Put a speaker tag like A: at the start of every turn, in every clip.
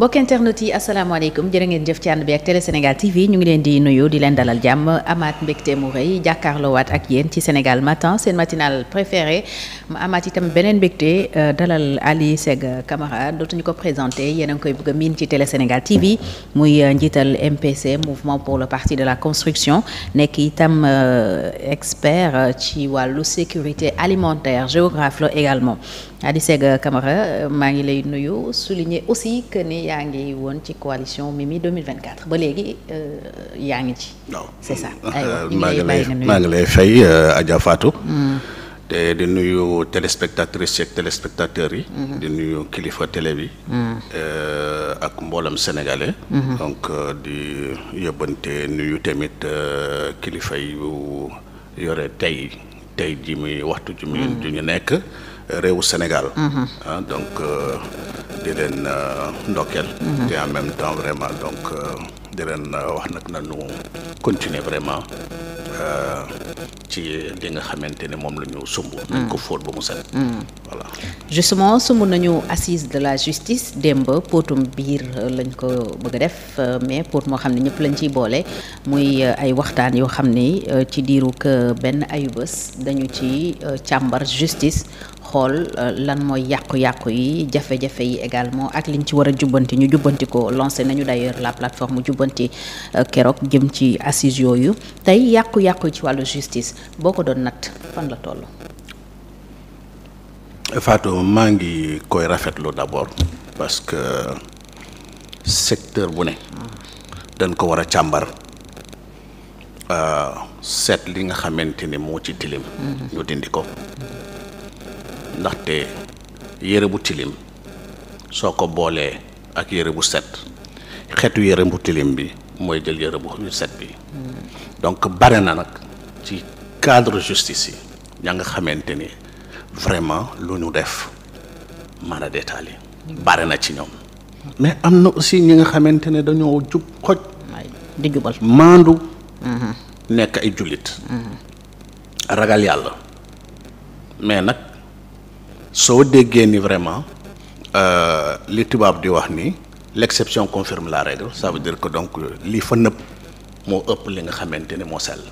A: mbokk internet yi asalaamaaleykum jërë ngeen jëf ci ànd bi ak télé TV ñu ngi leen di nuyu di leen dalal jàmm amaat mbégte mu rëy jàkkaarloowaat ak yéen ci Sénégal matin seen matinal préféré ma amaat itam beneen mbégte euh, dalal Ali Sega Camara dootuñu ko présenté yéen a ngi koy bëgg a miin ci télé Sénégal TV muy euh, njiital MPC mouvement pour le parti de la construction nekk itam euh, expert ci wàllu sécurité alimentaire géographe la également Hady Sega Camara maa ngi lay nuyu souligner aussi que ni yaa ngi woon ci coalition Mimi 2024 ba léegi euh, yaa ngi ci. maa ngi
B: lay maa ngi lay fay euh, Adja Fatou. Hmm. te di nuyu téléspectatrices yi. Hmm. di nuyu kilifa télé bi. Hmm. Euh, ak mboolam sénégalais. donc di yóbbante nuyu tamit kilifa yu yore tey tey ji muy waxtu ji. mu ñu nekk. réewu Sénégal. Mhm. ah donc euh, di leen euh, ndokkeel. Mhm. te en même temps vraiment donc euh, di leen wax nag na ñu continuer vraiment. ci li nga xamante ne moom la ñu sumb. Mhm. nañ ko fóot ba mu set.
A: justement sumb nañu assise de la justice démb potum biir lañ ko bëgg a def mais pour moo xam ne ñëpp lañ ciy boole muy ay waxtaan yoo xam ni ci diiru benn ayubés dañu ci càmbar justice. xool euh, lan mooy yàqu-yàqu yi jafe-jafe yi également ak liñ ci war a jubbanti ñu jubbanti ko lancé nañu d'ailleurs la plateforme jubbanti euh, keroog jëm ci assises yooyu tey yàqu-yàqu yi ci wàllu justice boo ko doon natt fan la toll.
B: Fatou maa ngi koy rafetlu d'abord parce que secteur bu ne dañ ko war a càmbar euh, seet li nga xamante ni moo ci tilim mm-hmm. ñu dindi ko ndaxte yére bu tilim soo ko boolee ak yére bu set xeetu yére bu tilim bi mooy jël yére bu set bi donc bare na nag ci cadre justice yi ña nga xamante ni vraiment lu ñu def mën a détaillé bare na ci ñoom mais am na aussi ñi nga xamante ne dañoo jub xoj maandu mhm. nekk ay jullit mhm. ragal yàlla mais nag soo déggee ni vraiment euh, li tubaab di wax ni l'exception confirme la règle ça veut dire que donc li fa nëpp moo ëpp li nga xamante ne moo sell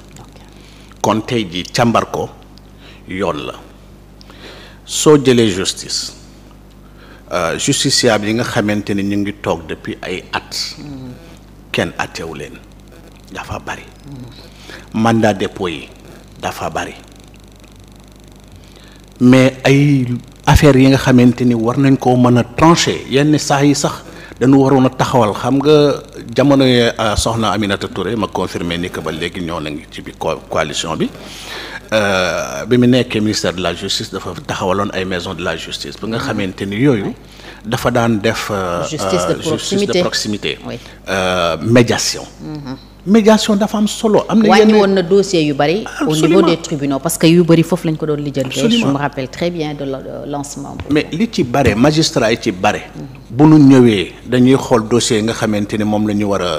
B: kon tey jii càmbar yoon la soo jëlee justice euh, justiciable yi nga xamante ni ñu ngi toog depuis ay at kenn atteewu leen dafa bari mm. mandat dépôt yi dafa bari mais ay affaire yi nga xamante ni war nañ koo mën a trancher yenn saa yi sax dañu waroon a taxawal xam nga jamono euh, soxna Aminata Touré ma confirmé ni que ba léegi ñoo nañ ci bi coalition bi euh, bi mu nekkee ministère de la justice dafa taxawaloon ay maison de la justice bi nga xamante ni yooyu dafa daan def euh, justice de proximité médiation mm-hmm. médiation dafa am solo. am na yenn woon
A: na dossier yu bari. au niveau des tribunaux parce que yu bari foofu lañ ko doon lijjantee. je me rappelle très euh, lancement
B: mais li ci bare magistrat yi ci bare. bu nu ñëwee dañuy xool dossier yi nga xamante ni moom la ñu war a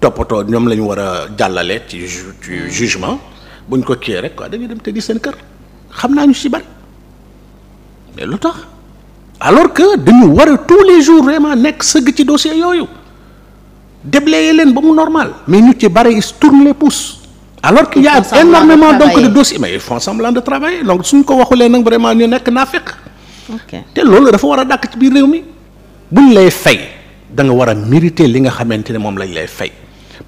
B: toppatoo ñoom la ñu war a jàllale ci ju ci jugement buñ ko kiiyee rek quoi dañuy dem tëddi seen kër xam naa ñu ci bari mais lu tax alors que dañu war a les jours vraiment nekk sëgg ci dossier yooyu. déblayer leen ba mu normal mais ñu ci bari ils se tournent les alors qu'il y a énormément de donc de dossiers mais ils font semblant de travailler donc suñ ko waxulee nag vraiment ñu nekk naa fekk te loolu dafa war a dàkk ci biir réew mi buñ lay fay danga war a mériter li nga xamante ne moom lañ lay fay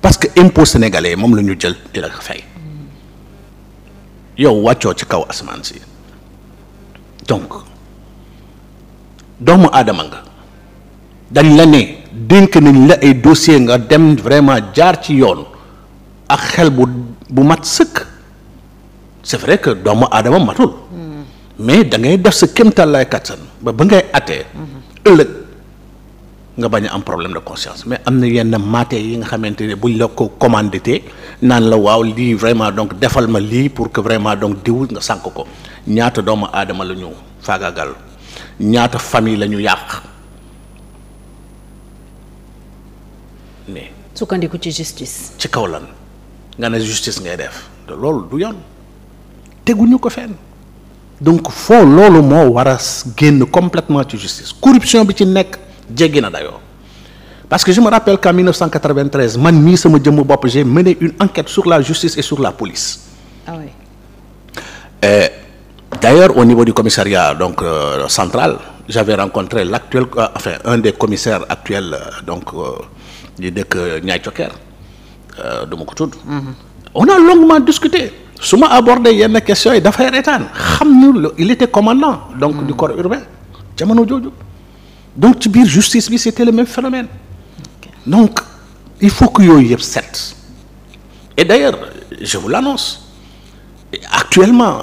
B: parce que impôt sénégalais moom la ñu jël di la fay yow wàccoo ci kaw asamaan si donc doomu aadama nga dañ la ne dénk nañ la ay dossier nga dem vraiment jaar ci yoon ak xel bu bu mat sëkk c'est vrai que doomu aadama matul hmm. mais da ngay def sa kéemtalaay kattan ba ba ngay atee hmm. ëllëg nga bañ a am problème de conscience mais am na yenn maté yi nga xamante ne buñ la ko commandité naan la waaw lii vraiment donc defal ma lii pour que vraiment donc diw nga sànk ko ñaata doomu aadama la ñu faagaagal ñaata famille la ñu yàq ne. sukkandiku ci justice. ci kaw lan nga ne justice ngay def te loolu du yoon teguñu ko fenn donc foo loolu moo war a génn complètement ci justice corruption bi ci nekk jéggi na dayoo parce que je me rappelle qu'en 1993 man mii sama jëmm bopp j'ai mené une enquête sur la justice et sur la police. ah oui. et au niveau du commissariat donc euh, central j'avais rencontré l'actuel euh, enfin un des commissaires actuels euh, donc. Euh, di dëkk ñaay cokkeer euh, du ma ko tudd mm-hmm. ma abordé yenn questions yi dafay reetaan xam ni il était commandant mm-hmm. donc ci biir justice bi c'était le même phénomène donc il faut que yooyu yëpp set et d'ailleurs je vous l'annonce actuellement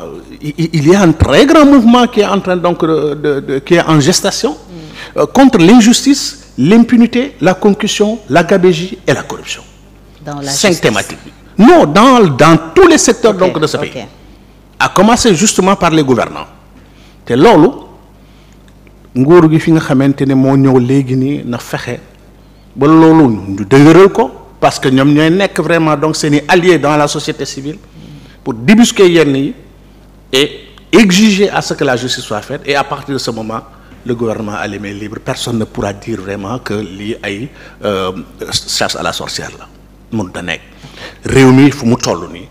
B: il y a un très grand mouvement donc de, de, qui est en gestation Euh, contre l'injustice l'impunité la concussion la gabégie et la corruption dans la cinq justice. thématiques non dans dans tous les secteurs donc de ce okay. pays à commencer justement par les gouvernants te loolu nguur gi fi nga xamante ne moo ñëw léegi nii na fexe ba loolu ñu dëgëral ko parce que ñoom ñooy nekk vraiment donc seen seeni alliés dans la société civile pour débusquer yenn yi et exiger à ce que la justice soit faite et à partir de ce moment le gouvernement a libre mains libres personne ne pourra vraiment que lii ay euh, chasse à la sorcière la mun da nekk réew mi fu mu toll nii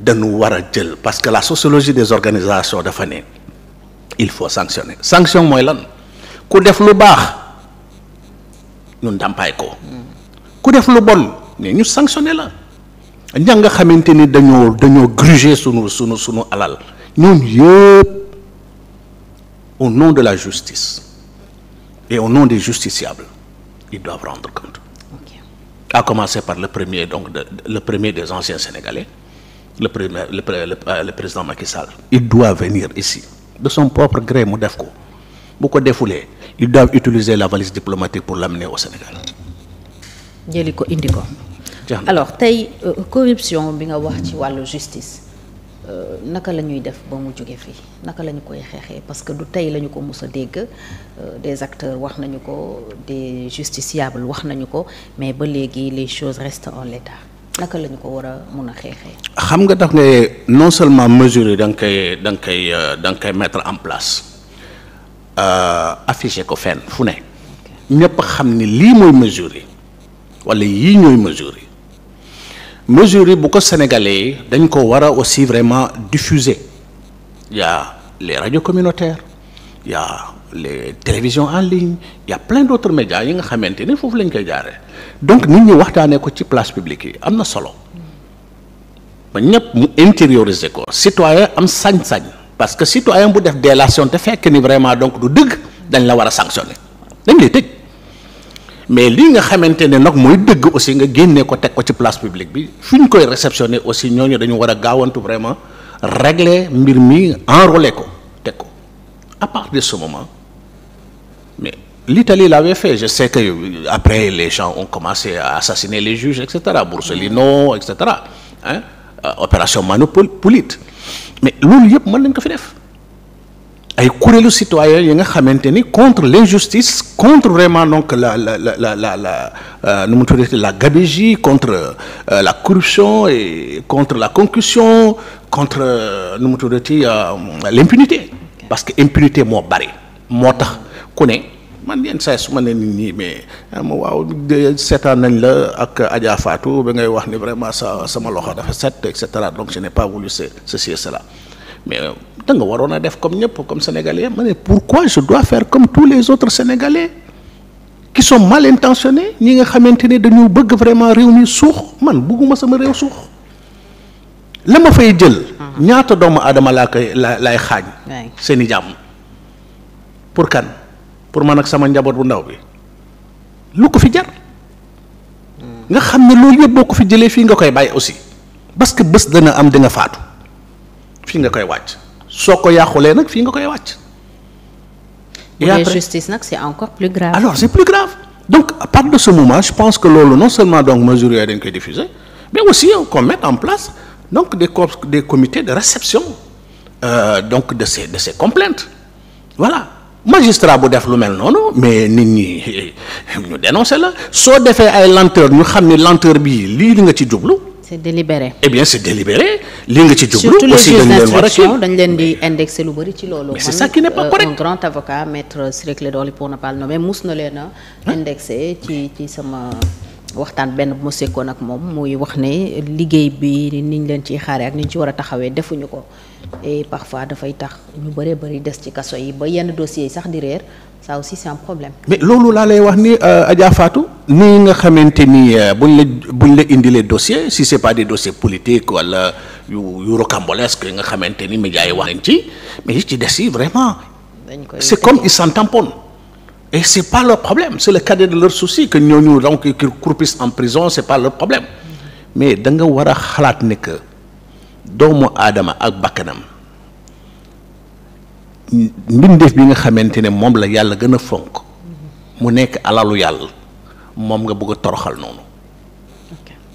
B: dañu war a jël parce que la sociologie des organisations dafa ne il faut sanctionner sanction mooy lan ku def lu baax ñu ndàmpaay ko ku def lu bon ne ñu sanctionner la ña nga xamante ni dañoo dañoo gruger suñu sunu sunu alal ñooñu yëpp. au nom de la justice et au nom des justiciables, ils doivent rendre compte. À commencer par le premier, donc de, le premier des anciens Sénégalais, le, premier, le, le, euh, le président Macky Sall. Il doit venir ici, de son propre gré mu def ko bu ko defulee ils doivent utiliser la valise diplomatique pour l'amener au Sénégal.
A: jëli ko indi ko. alors tey euh, corruption bi nga wax ci wàllu justice. Euh, naka la ñuy def ba mu jóge fii naka la ñu koy xeexee parce que du tey la ñu ko mus a dégg euh, des acteurs wax nañu ko des justiciables wax nañu ko mais ba léegi les choses restent en l'état naka la ñu ko war a mun a xeexee.
B: xam nga tax nga non seulement mesures yi da nga koy da nga euh, mettre en place afficher ko fenn fu ne. ñëpp xam ni lii mooy mesures yi yii ñooy mesures mesures yi bu ko sénégalais dañ ko war aussi vraiment diffuser y a les communautaire communautaires y a les télévisions en ligne y a plein d'autres médias yi nga xamante ni foofu lañ koy jaaree donc nit ñi waxtaanee ko ci place publique yi am na solo ba ñëpp mu intérioriser ko citoyen am sañ-sañ parce que citoyen bu def délation te fekk ni vraiment donc du dëgg dañ la war a sanctionner dañ lay tëj mais lii nga xamante ne nag mooy dëgg aussi nga génne ko teg ko ci place publique bi fi ñu koy réceptionné aussi ñooñu dañu war a gaawantu vraiment régler mbir mi enrôler ko teg ko à partir de ce moment mais l'Italie l'avait fait je sais que après les gens ont commencé à assassiner les juges et cetera Borsellino et cetera hein euh, opération Manopolite mais loolu yëpp mën nañ ko fi def ay kuréelu citoyen yi nga xamante ni contre l'injustice contre vraiment donc la la la la la la euh, nu mu tuddati la gabegie contre euh, la corruption et contre la concussion contre euh, nu mu tuddati l'impunité parce que impunité moo bari moo tax ku ne man yenn saa su ma ne nit ñi mais ah, waaw seetaan nañ la ak Adja Fatou ba ngay wax ni vraiment sa sama loxo dafa set et cetera donc je n'ai pas voulu ce ceci et cela mais da nga waroon a def comme ñëpp comme sénégalais ma ne pourquoi je dois faire comme tous les autres sénégalais qui sont mal intentionnés ñi nga xamante ne dañu bëgg vraiment réew mi suux man bëgguma sama réew suux la ma fay jël. ñaata doomu aadama laa koy la laay xaañ. seeni jàmm pour kan pour man ak sama njaboot bu ndaw bi lu ko fi jar. Hmm. nga xam ne loolu yëpp boo ko fi jëlee fii nga koy bàyyi aussi parce que bés dana am di faatu. fii nga koy wàcc soo ko yàqulee nag fii nga koy wàcc. et après
A: justice nag c'est encore plus grave. alors c'est
B: plus donc à de ce moment je pense que loolu non seulement donc mesures yooyu dañ koy diffuser mais aussi qu'on mette en place donc des co des comités de réception euh, donc de ces de ces complaintes voilà. bu def lu mel noonu mais nit ñi ñu dénoncé la soo defee ay lenteur ñu xam ne lenteur bii lii li nga ci jublu
A: c'est délibéré.
B: eh bien c'est délibéré li nga ci jublu. aussi dañ leen
A: dañ leen di indexé lu bëri ci loolu. mais c'est ça qui n'est pas euh, correct. un grand avocat maître Ciré pour ne pas le mus na leen a. indexé ci ci sama. waxtaan benn bu ma sekkoon ak moom muy wax ne liggéey bi niñ leen ciy xaaree ak niñ ci war a taxawee defuñu ko et parfois dafay tax ñu bëree bëri des ci kaso yi ba yenn dossiers yi sax di réer ça aussi c'est problème.
B: mais loolu laa lay wax ni euh, Adja Fatou. nii nga xamante ni euh, buñ la buñ la indilee dossier si c'est pas des dossiers politiques wala yu yu rocambolesque yi nga xamante ni médias yi wax nañ ci mais yi ci des yi vraiment. dañ koy c'est comme ils s'en tamponnent. et c' est pas leur problème c' le cadet de leur souci que ñooñu donc qu'ils en prison c' est pas leur problème mais da nga war a xalaat ne que doomu aadama ak bakkanam mbindeef bi nga xamante ne moom la yàlla gën a fonk mu nekk alalu yàlla moom nga bëgg a toroxal noonu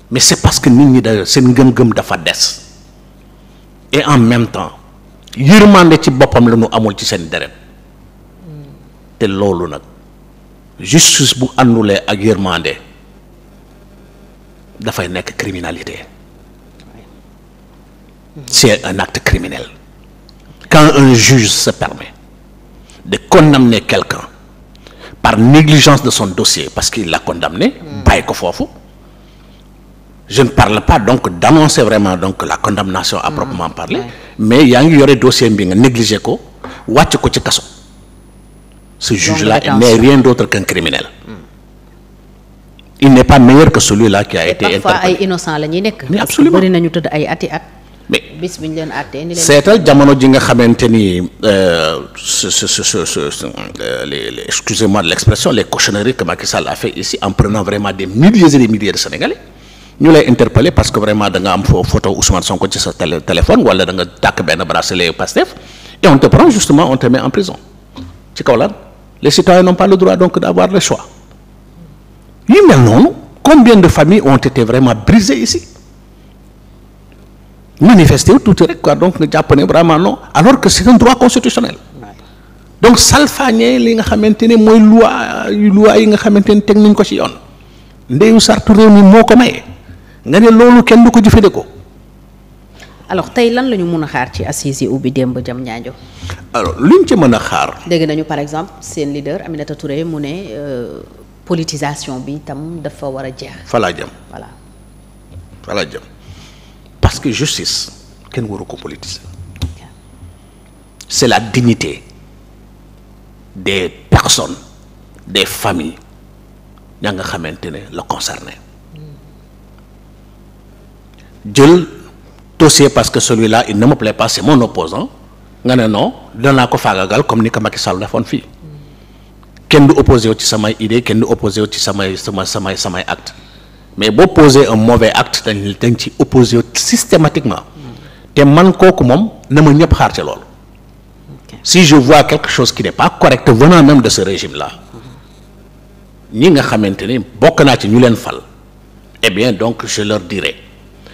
B: mais c' est parce que nit ñi da seen ngëm-ngëm dafa des et en même temps yërmande ci boppam la ñu amul ci seen deret te loolu nag justice bu àndulee ak yërmande dafay nekk criminalité c'est un acte criminel quand un juge se permet de condamner quelqu'un par négligence de son dossier parce qu'il l'a condamné bàyyi ko foofu je ne parle pas donc d'annoncer vraiment donc la condamnation à proprement parler mm. mais yaa ngi yore dossier bi nga négligé ko wàcc ko ci kaso ce juge-là n'est rien d'autre qu'un criminel. il n'est pas meilleur que celui-là qui a été interpellé
A: la ñuy nekk. mais absolument bëri nañu tëdd ay ati leen àttee seetal
B: jamono ji nga xamante ni euh, ce ce ce ce euh, les excusez-moi de l'expression les cochonneries que Macky Sall a fait ici en prenant vraiment des milliers et des milliers de Sénégalais ñu lay interpeller parce que vraiment danga am photo Ousmane Sonko ci sa téléphone wala da nga tàkk benn bracelet Pastef et on te prend justement on te met en prison ci kaw lan. les citoyens n'ont par le droit donc d'avoir le choix yu mel noonu combien de familles ont été vraiment brisées ici manifester wu tuuti rek quoi donc nga jàpp ne vraiment non alors que c'est un droit constitutionnel donc salfaañee li nga xamante ne mooy loi loi yi nga xamante ne teg nañ ko ci yoon ndeyu sartu réew mi moo ko maye nga ne loolu kenn du ko jëfandikoo.
A: alors tey lan la ñu mun a xaar ci assises yi ubbi démb jam ñaajo alors luñ ci mën a xaar. dégg nañu par exemple seen leader Aminata Touré mu ne euh, politisation bi tam dafa war a jeex. falaa jëm voilà.
B: falaa jëm parce que justice kenn waru ko politiser. c'est la dignité des personnes des familles ña nga xamante ne la concerné hmm. jël. dossier parce que celui la il ne me plaît pas c'est mon opposant nga ne non danaa ko faagagal comme ni ko Macky Sall defoon fii kenn du opposé wu ci samay idée kenn du opposé wu ci samay sama samay samay acte mais boo poser un mauvais acte dañ dañ ci opposé wu systématiquement te man kooku moom ne ma ñëpp xaar ci loolu si je vois quelque chose qui n'est pas correct venant même de ce régime la ñi nga xamante ni bokk naa ci ñu leen fal eh bien donc je leur dirai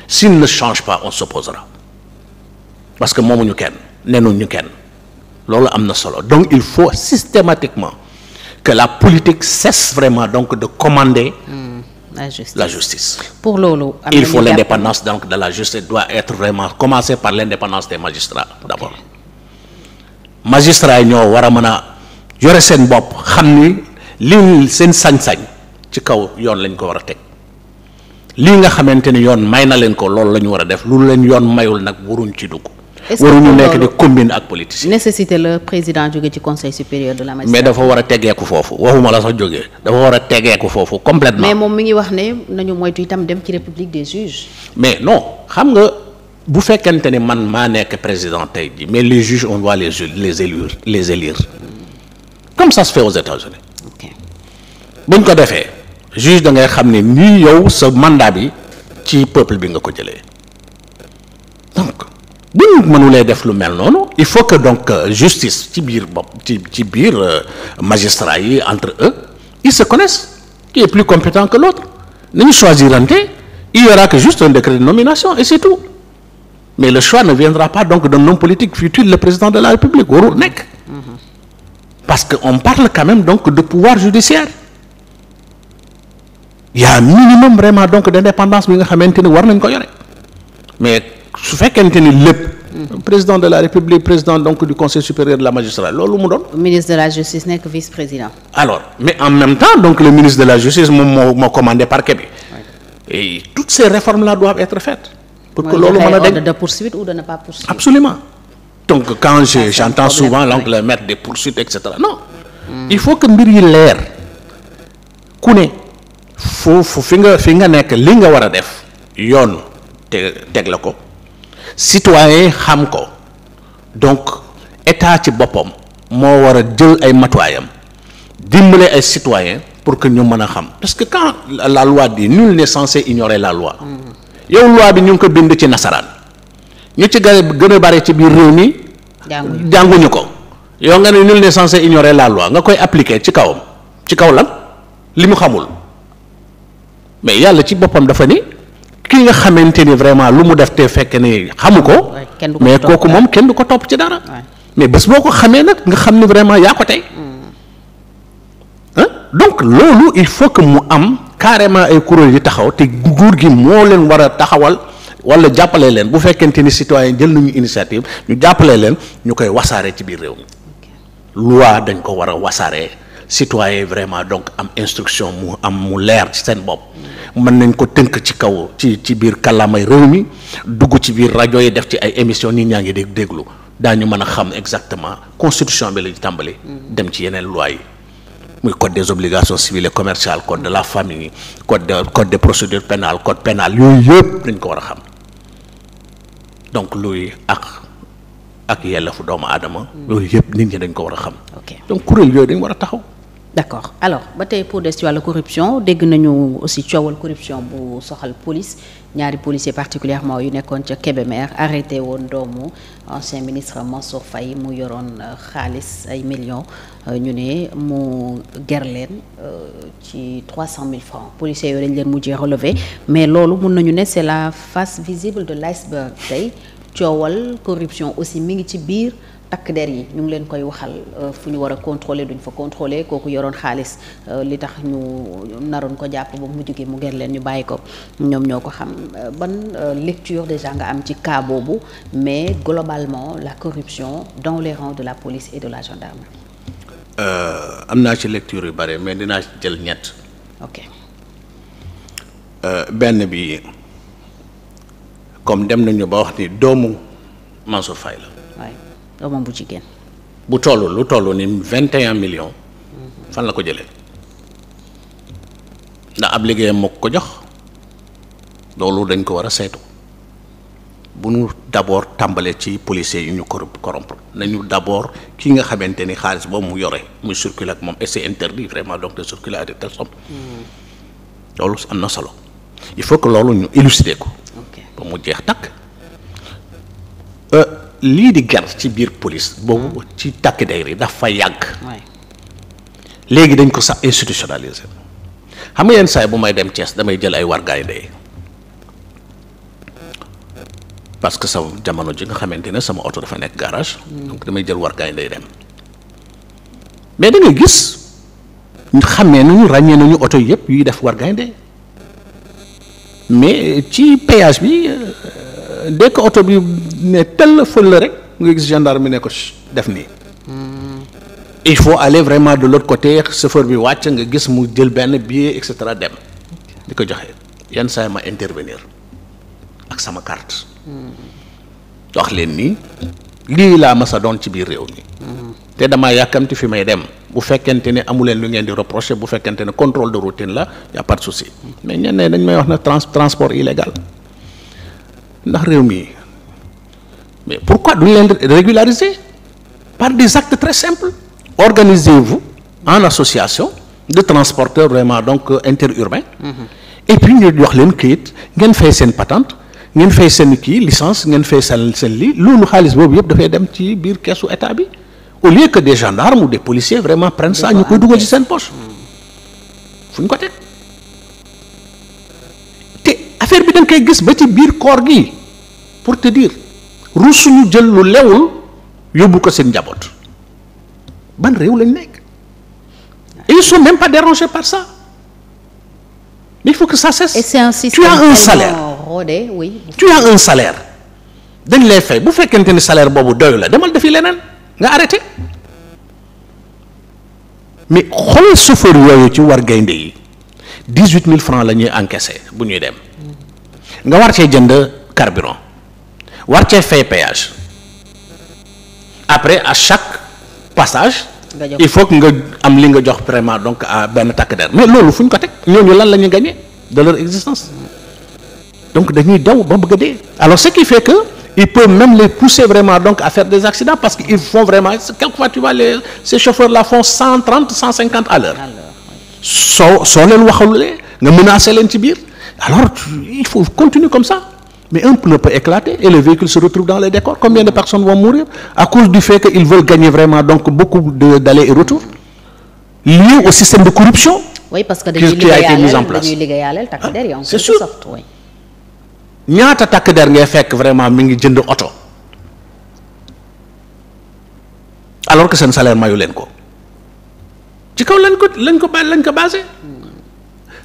B: s'il ne change pas on s'opposera parce que moomuñu kenn ñu kenn loolu am na solo donc il faut systématiquement que la politique cesse vraiment donc de commander hmm, la justice la justice. pour loolu. am il faut l'indépendance donc de la justice doit être vraiment commencer par l'indépendance des magistrats okay. d'abord magistrats yi ñoo war a mën a yore seen bopp xam ni li seen sañ-sañ ci kaw yoon lañ ko war a teg. lii nga xamante ni yoon may na leen ko loolu la ñu war a def lu leen yoon mayul nag waruñ ci dugg.
A: waruñu nekk di
B: combine ak politicien
A: nécessité la président jóge ci conseil supérieur de la magistrature mais dafa
B: war a tegeeku foofu waxuma la sax jógee dafa war a tegeeku foofu complètement mais
A: moom mi ngi wax ne nañu moytu itam dem ci république des juges
B: mais non xam nga bu fekkente ni man maa nekk président tey ji mais les juges on doit les les élire les élire comme ça se fait aux États-Unis ko defee juge da ngay xam ne nii yow sa mandat bi ci peuple bi nga ko jëlee donc bu ñu mënulee def lu mel noonu il faut que donc euh, justice ci biir bopp ci ci biir euh, magistrats yi entre eux ils se connaissent qui est plus compétent que l'autre nañu choisirante il y aura que juste un décret de nomination et c'est tout mais le choix ne viendra pas donc d'un homme politique futur le président de la République warul nekk
C: mm-hmm.
B: parce que on parle quand même donc de pouvoir judiciaire y minimum vraiment donc d'indépendance bi nga xamante ni war nañ ko yore mais su fekkente ni lépp. Mm. président de la république président donc du conseil supérieur de la magistrature loolu
A: mu doon. ministre de la justice nekk vice président.
B: alors mais en même temps le ministre de la justice moom moo moo commandé parquet et toutes ces réformes là doivent être faites. pour que loolu mën a dégg de poursuite ou de ne pas poursuivre. absolument donc quand je ah, j'entends souvent donc le non. Mm. il faut que mbir yi leer ku fu fu fi nga fi nga nekk li nga war a def yoon te teg la ko citoyen xam ko donc état ci boppam moo war a jël ay matuwaayam dimbale ay citoyen pour que ñu mën a xam parce que quand la loi dit nul n'est censé ignorer la loi mm. yow loi bi ñu ngi ko bind ci nasaraan ñu ci gën a gën a bari ci biir réew mi jànguñu ko yow nga ne nul n'est censé ignorer la loi nga koy appliquer ci kawam ci kaw lan li mu xamul mais yàlla ci boppam dafa ni ki nga xamante ni vraiment lu mu def te fekk ni xamu ko.
A: mais kooku moom
B: kenn du ko topp ci dara. mais bés boo ko xamee nag nga xam ni vraiment yaa ko tey. Mm. donc loolu il faut que mu am carrément ay kuréel yi taxaw te nguur gi moo leen war a taxawal wala jàppale leen bu fekkente ni citoyen jël nañu initiative ñu jàppale leen ñu koy wasaare ci biir réew mi loi dañ ko war a wasaare citoyen vraiment donc am instruction mu am mu leer ci seen bopp mën nañ ko tënk ci kaw ci ci biir kàllaamay réew mi dugg ci biir rajo yi def ci ay émission nit ñaa ngi dégg déglu daañu mën a xam exactement constitution bi la ñu tàmbali dem ci yeneen loi yi muy code des obligations civiles et commerciales code de la famille code de code des procédures pénales code pénal yooyu yëpp dañ ko war a xam donc luy ak ak yelleefu doomu aadama. loolu yëpp nit ñi dañ ko war a xam. donc kuréel yooyu dañ war a taxaw.
A: d'accord alors ba tey pour des ci wàllu corruption dégg nañu aussi coowal corruption bu soxal police ñaari policier particulièrement yu nekkoon ca Kébémer arrêté woon doomu ancien ministre Mansour Faye mu yoroon euh, xaalis ay millions euh, ñu ne mu ger leen euh, ci trois cent mille francs policiers yooyu dañ leen mujjee relevé mais loolu mun nañu ne c'est la face visible de l'iceberg tey coowal corruption aussi mi ngi ci biir takk der yi ñu ngi leen koy waxal euh, fu ñu war a duñ fa contrôler kooku yoroon xaalis euh, li tax ñu naroon ko jàpp ba mu jógee mu ger leen ñu bàyyi ko ñoom ñoo ko xam euh, ban lecture déjà nga am ci cas bu mais globalement la corruption dans les rangs de la police et de la gendarmerie.
B: am naa ci lecture yu bare mais dinaa jël ñett. ok. benn bi comme dem nañu ba wax ni doomu Mansour Faye
A: doomam bu jigéen.
B: bu toll lu toll ni vingt et un millions. fan la ko jëlee ndax ab liggéeyam mook ko jox loolu dañ ko war a saytu bu ñu d'abord tàmbalee ci policiers yi ñu corrompre nañu d'abord ki nga xamante ni xaalis boobu mu yore muy circuler ak moom et c'est interdit vraiment donc de circuler à de telle hmm. loolu am na solo il faut que loolu ñu illustrer ko. ba mu jeex takk. Euh, lii di ger ci biir police boobu ci takk der yi dafa yàgg léegi dañ ko sax institutionnalisé xam nga yenn saay bu may dem cees damay jël ay wargaay ndey parce que sama jamono ji nga xamante ne sama oto dafa nekk garage mm. donc damay jël wargaay ndey dem mais da ngay gis xamee nañu ràññee nañu oto yëpp yuy def wargaay ndey mais ci péage bi euh, dès que oto bi ne tel fël la rek ngay gis gendarme bi ne ko def nii hmm. il faut aller vraiment de l'autre côté chauffeur bi wàcc nga gis mu jël benn billet et cetera dem di ko joxe yan saa ma intervenir ak sama carte hmm. wax leen nii lii laa ma sa doon ci biir réew mi hmm. te damaa yàkkamti fi may dem bu fekkente ne amu leen lu ngeen di reprocher bu fekkente ne contrôle de routine la y a pas de souci dañ may wax na trans transport illégal ndax réew mi mais pourquoi duñ leen régulariser par des actes très simples organisez-vous en association de transporteurs vraiment donc euh, interurbains mm-hmm. et puis ñu wax leen këyit ngeen fay seen patente ngeen fay seen kii licence ngeen fay seen seen lii loolu xaalis boobu yëpp dafay dem ci biir keesu état bi au lieu que des gendarmes ou des policiers vraiment prennent ça ñu koy dugal ci seen poche fu ñu ko teg te affaire bi dañ nga koy gis ba ci biir koor gi pour te dire rusuñu jël lu lewul yóbbu ko seen njaboot ban réew lañ nekk et ils que ça cesse. et c'est un système tu salaire rodé, un salaire dañ lay fay bu fekkente ni salaire boobu doyu la demal defi leneen nga arrêté mais xoolal chauffeur yooyu ci war gaynde yi dix huit mille francs la ñuy encaissé bu ñuy dem nga war cee jënd carburant. war cee fay péage après à chaque passage. il faut que nga am li nga jox vraiment donc à benn takk der mais loolu fu ñu ko teg ñooñu lan la ñuy gagné de leur existence donc dañuy dew ba bëgg a dee alors ce qui fait que il peut même les pousser vraiment donc à faire des accidents parce que il font vraiment quelquefois tu vois les ces chauffeurs la font cent trente cent cinquante à l'heure soo soo leen waxalulee nga menacer leen ci biir alors il faut continuer comme ça mais un pneu peut éclater et le véhicule se retrouve dans les décors combien de personnes vont mourir à cause du fait que ils veulent gagner vraiment donc beaucoup de d'aller et retour lié au système de corruption
A: parce que dañuy liggéeyaaleel ah,
B: ñaata takk der ngay fekk vraiment mu ngi jënd oto alors que seen salaire mayu leen ko ci kaw lañ ko lañ ko ba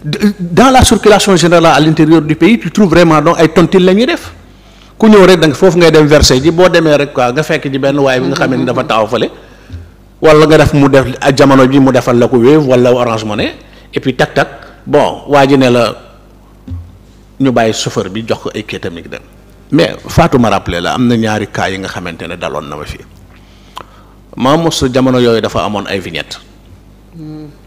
B: dans la circulation générale à l'intérieur du pays tu trouves vraiment donc ay tontine la ñuy def ku ñëw rek da nga foofu ngay dem verser ji boo demee rek quoi nga fekk ji benn waaye bi nga xam ne dafa taxaw fële wala nga def mu def jamono ji mu defal la ko Wave wala Orange Money et puis tak tak bon waa ji ne la ñu bàyyi chauffeur bi jox ko ay kéetam dem mais faatuma ma rappelé la am na ñaari cas yi nga xamante ne daloon na ma fii ma mos jamono yooyu dafa amoon ay vignette hmm.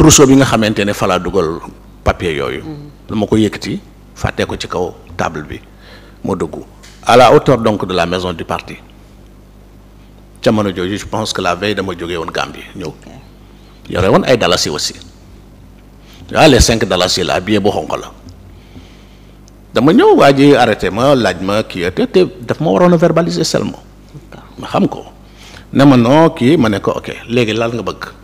B: trousseau bi nga xamante ne falaa dugal papier yooyu lu ma ko yëkkati fàttee ko ci kaw table bi moo dugg à la hauteur donc de la maison du parti jamono jooju je pense que la veille dama jóge woon Gambie ñëw yore woon ay dalasi aussi waaw ah, les cinq dalasi la billet bu xonq la dama ñëw waa ji arrêté ma laaj ma kii te te daf ma waroon a verbaliser seulement ma xam ko ne ma non kii ma ne ok léegi laal nga bëgg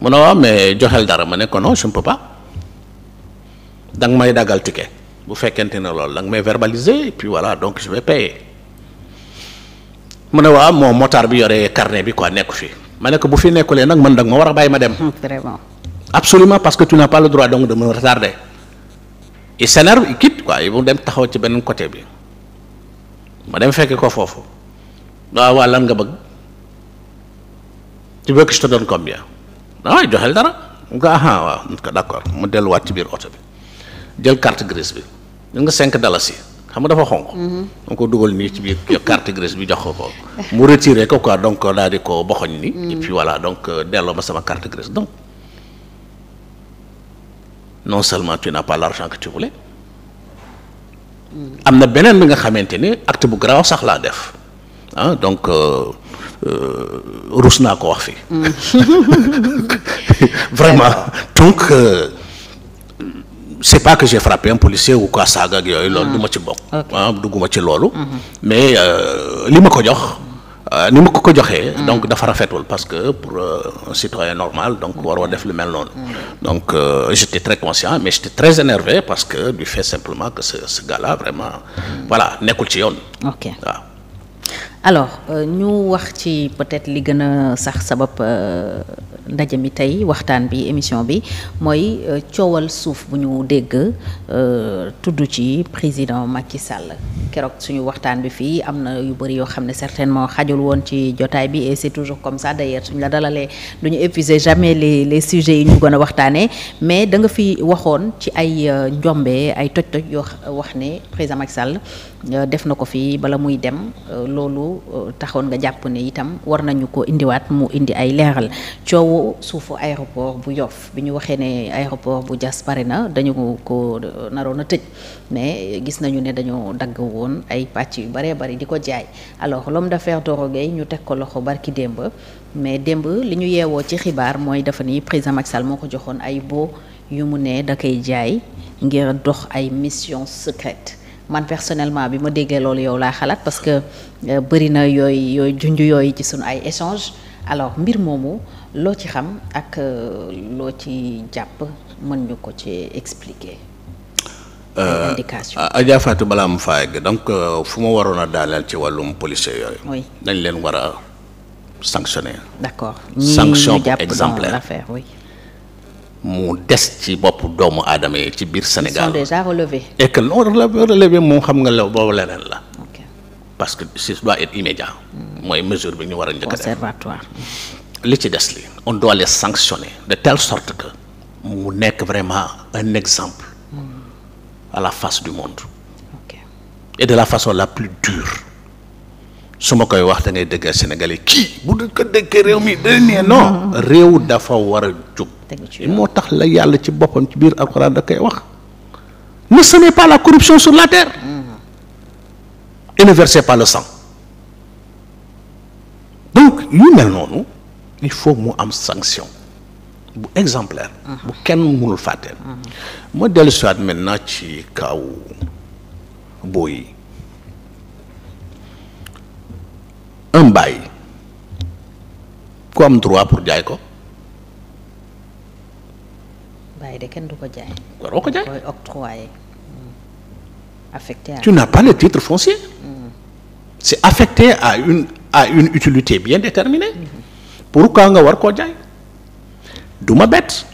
B: mu ne waaw mais joxel dara ma ne ko non je ne peux may daggal ticket bu fekkente ne loolu da nga may verbaliser et puis voilà donc su vais payer mu ne waaw moo motard bi yore carnet bi quoi nekku fi ma ne ko bu fi nekkulee nag man da ma war a bàyyi ma dem. vraiment. absolument parce que tu n'as pas le droit donc de me retarder il s'énerve il quitte quoi il mu dem taxaw ci benn côté bi ma dem fekk ko foofu waaw waaw lan nga bëgg tu veux que je te donne combien. damay ah, joxel dara mu ko aha waaw mu ko d'accord mu delluwaat ci biir oto bi jël carte grise bi ñu nga cinq dalasi xam nga dafa xonq
C: danga
B: mhm. ko dugal nii ci biir carte grise bi jox ko ko mu retiré ko quoi donc daal di ko boxoñ ni mhm. et puis voilà donc euh, delloo ma sama carte grise donc non seulement tu na pas l'argent que tu voulais mhm. am na beneen bi nga xamante ni acte bu garaaw sax laa def ah, donc euh, rus naa ko wax fi mm. vraiment donc euh, c'est pas que j'ai frappé un policier ou quoi saaga ak yooyu loolu mm. du ma ci bokk ah, dugguma ci loolu mm-hmm. mais euh, li ma ko jox euh, ni ma ko ko joxee mm. donc dafa rafetul parce que pour un citoyen normal donc waroo def lu mel noonu donc j'étais très conscient mais j'étais très énervé parce que du fait simplement que ce ce vraiment voilà nekkul ci yoon waaw
A: alors euh, ñu wax ci peut-être li gën a sax sabab euh, ndaje mi tey waxtaan bi émission bi mooy euh, coowal suuf bu ñu dégg tudd ci président mag ci Sall keroog suñu waxtaan bi fii am na yu bari yoo xam ne certainement xajul woon ci jotaay bi et c'est toujours comme ça d'ailleurs suñu la dalalee du ñu épuiser jamais le les sujets yi ñu gën a waxtaanee mais da nga fi waxoon ci ay njombe ay toj-toj yoo wax ne président Macky Sall Euh, def na ko fi bala muy dem euh, loolu euh, taxoon nga jàpp ne itam war nañu ko indiwaat mu indi ay leeral coow suufu aéroport bu Yoff bi ñu waxee ne aéroport bu Diass pare na dañu ko naroon a tëj mais gis nañu ne dañoo dagg woon ay pàcc yu baree bari di ko jaay alors l'homme d'affaires Doro Gueye ñu teg ko loxo barki démb mais démb li ñu yeewoo ci xibaar mooy dafa ni président Macky Sall moo ko joxoon ay bo yu mu ne da jaay ngir dox ay mission secrète man personnellement bi ma déggee loolu yow laa xalaat parce que euh, bëri na yooyu yooyu junj yooyu ci sunu ay échange alors mbir moomu loo ci xam ak euh, loo ci jàpp mën ñu ko ci expliquer. Euh, ay indication Adja
B: Fatou balaa mu fa yegg donc fu ma waroon a daaneel ci wàllum policier yooyu. dañ leen war a sanctionner. d'accord ñii ñu jàpp dans l'affaire oui. mu des ci bopp doomu aadama yi ci biir Sénégal. sont
A: déjà relevés.
B: moom xam nga la boobu leneen la. parce que ce doit être immédiat. Hmm. mooy mesure bi ñu war a njëkk a def li ci des li on doit les sanctionner de telle sorte que mu nekk vraiment un exemple. Hmm. à la face du monde. et de la façon la plus dure. su ma koy wax da ngay dëgg Sénégalais kii bu ko dëkkee réew mi dañu eh, ne non. Hmm. réew dafa war a jóg. tegu moo tax la yàlla ci boppam ci biir alxuraan da koy wax ne ce n'est pas la corruption sur la terre mm-hmm. et pas le sang donc yu mel noonu il faut mu am sanction bu exemplaire mm-hmm. bu kenn mënul fàtteel ma mm-hmm. dellu soit maintenant ci kaw booy yi ku am droit pour jaay ko
A: octroyé kenn du ko jaay. waroo ko jaay koy octroyé. Hmm. affecté à. titre
B: foncier. Hmm. c'est affecté à une à une utilité bien déterminée. Hmm. pourquoi nga war koo jaay. du ma bett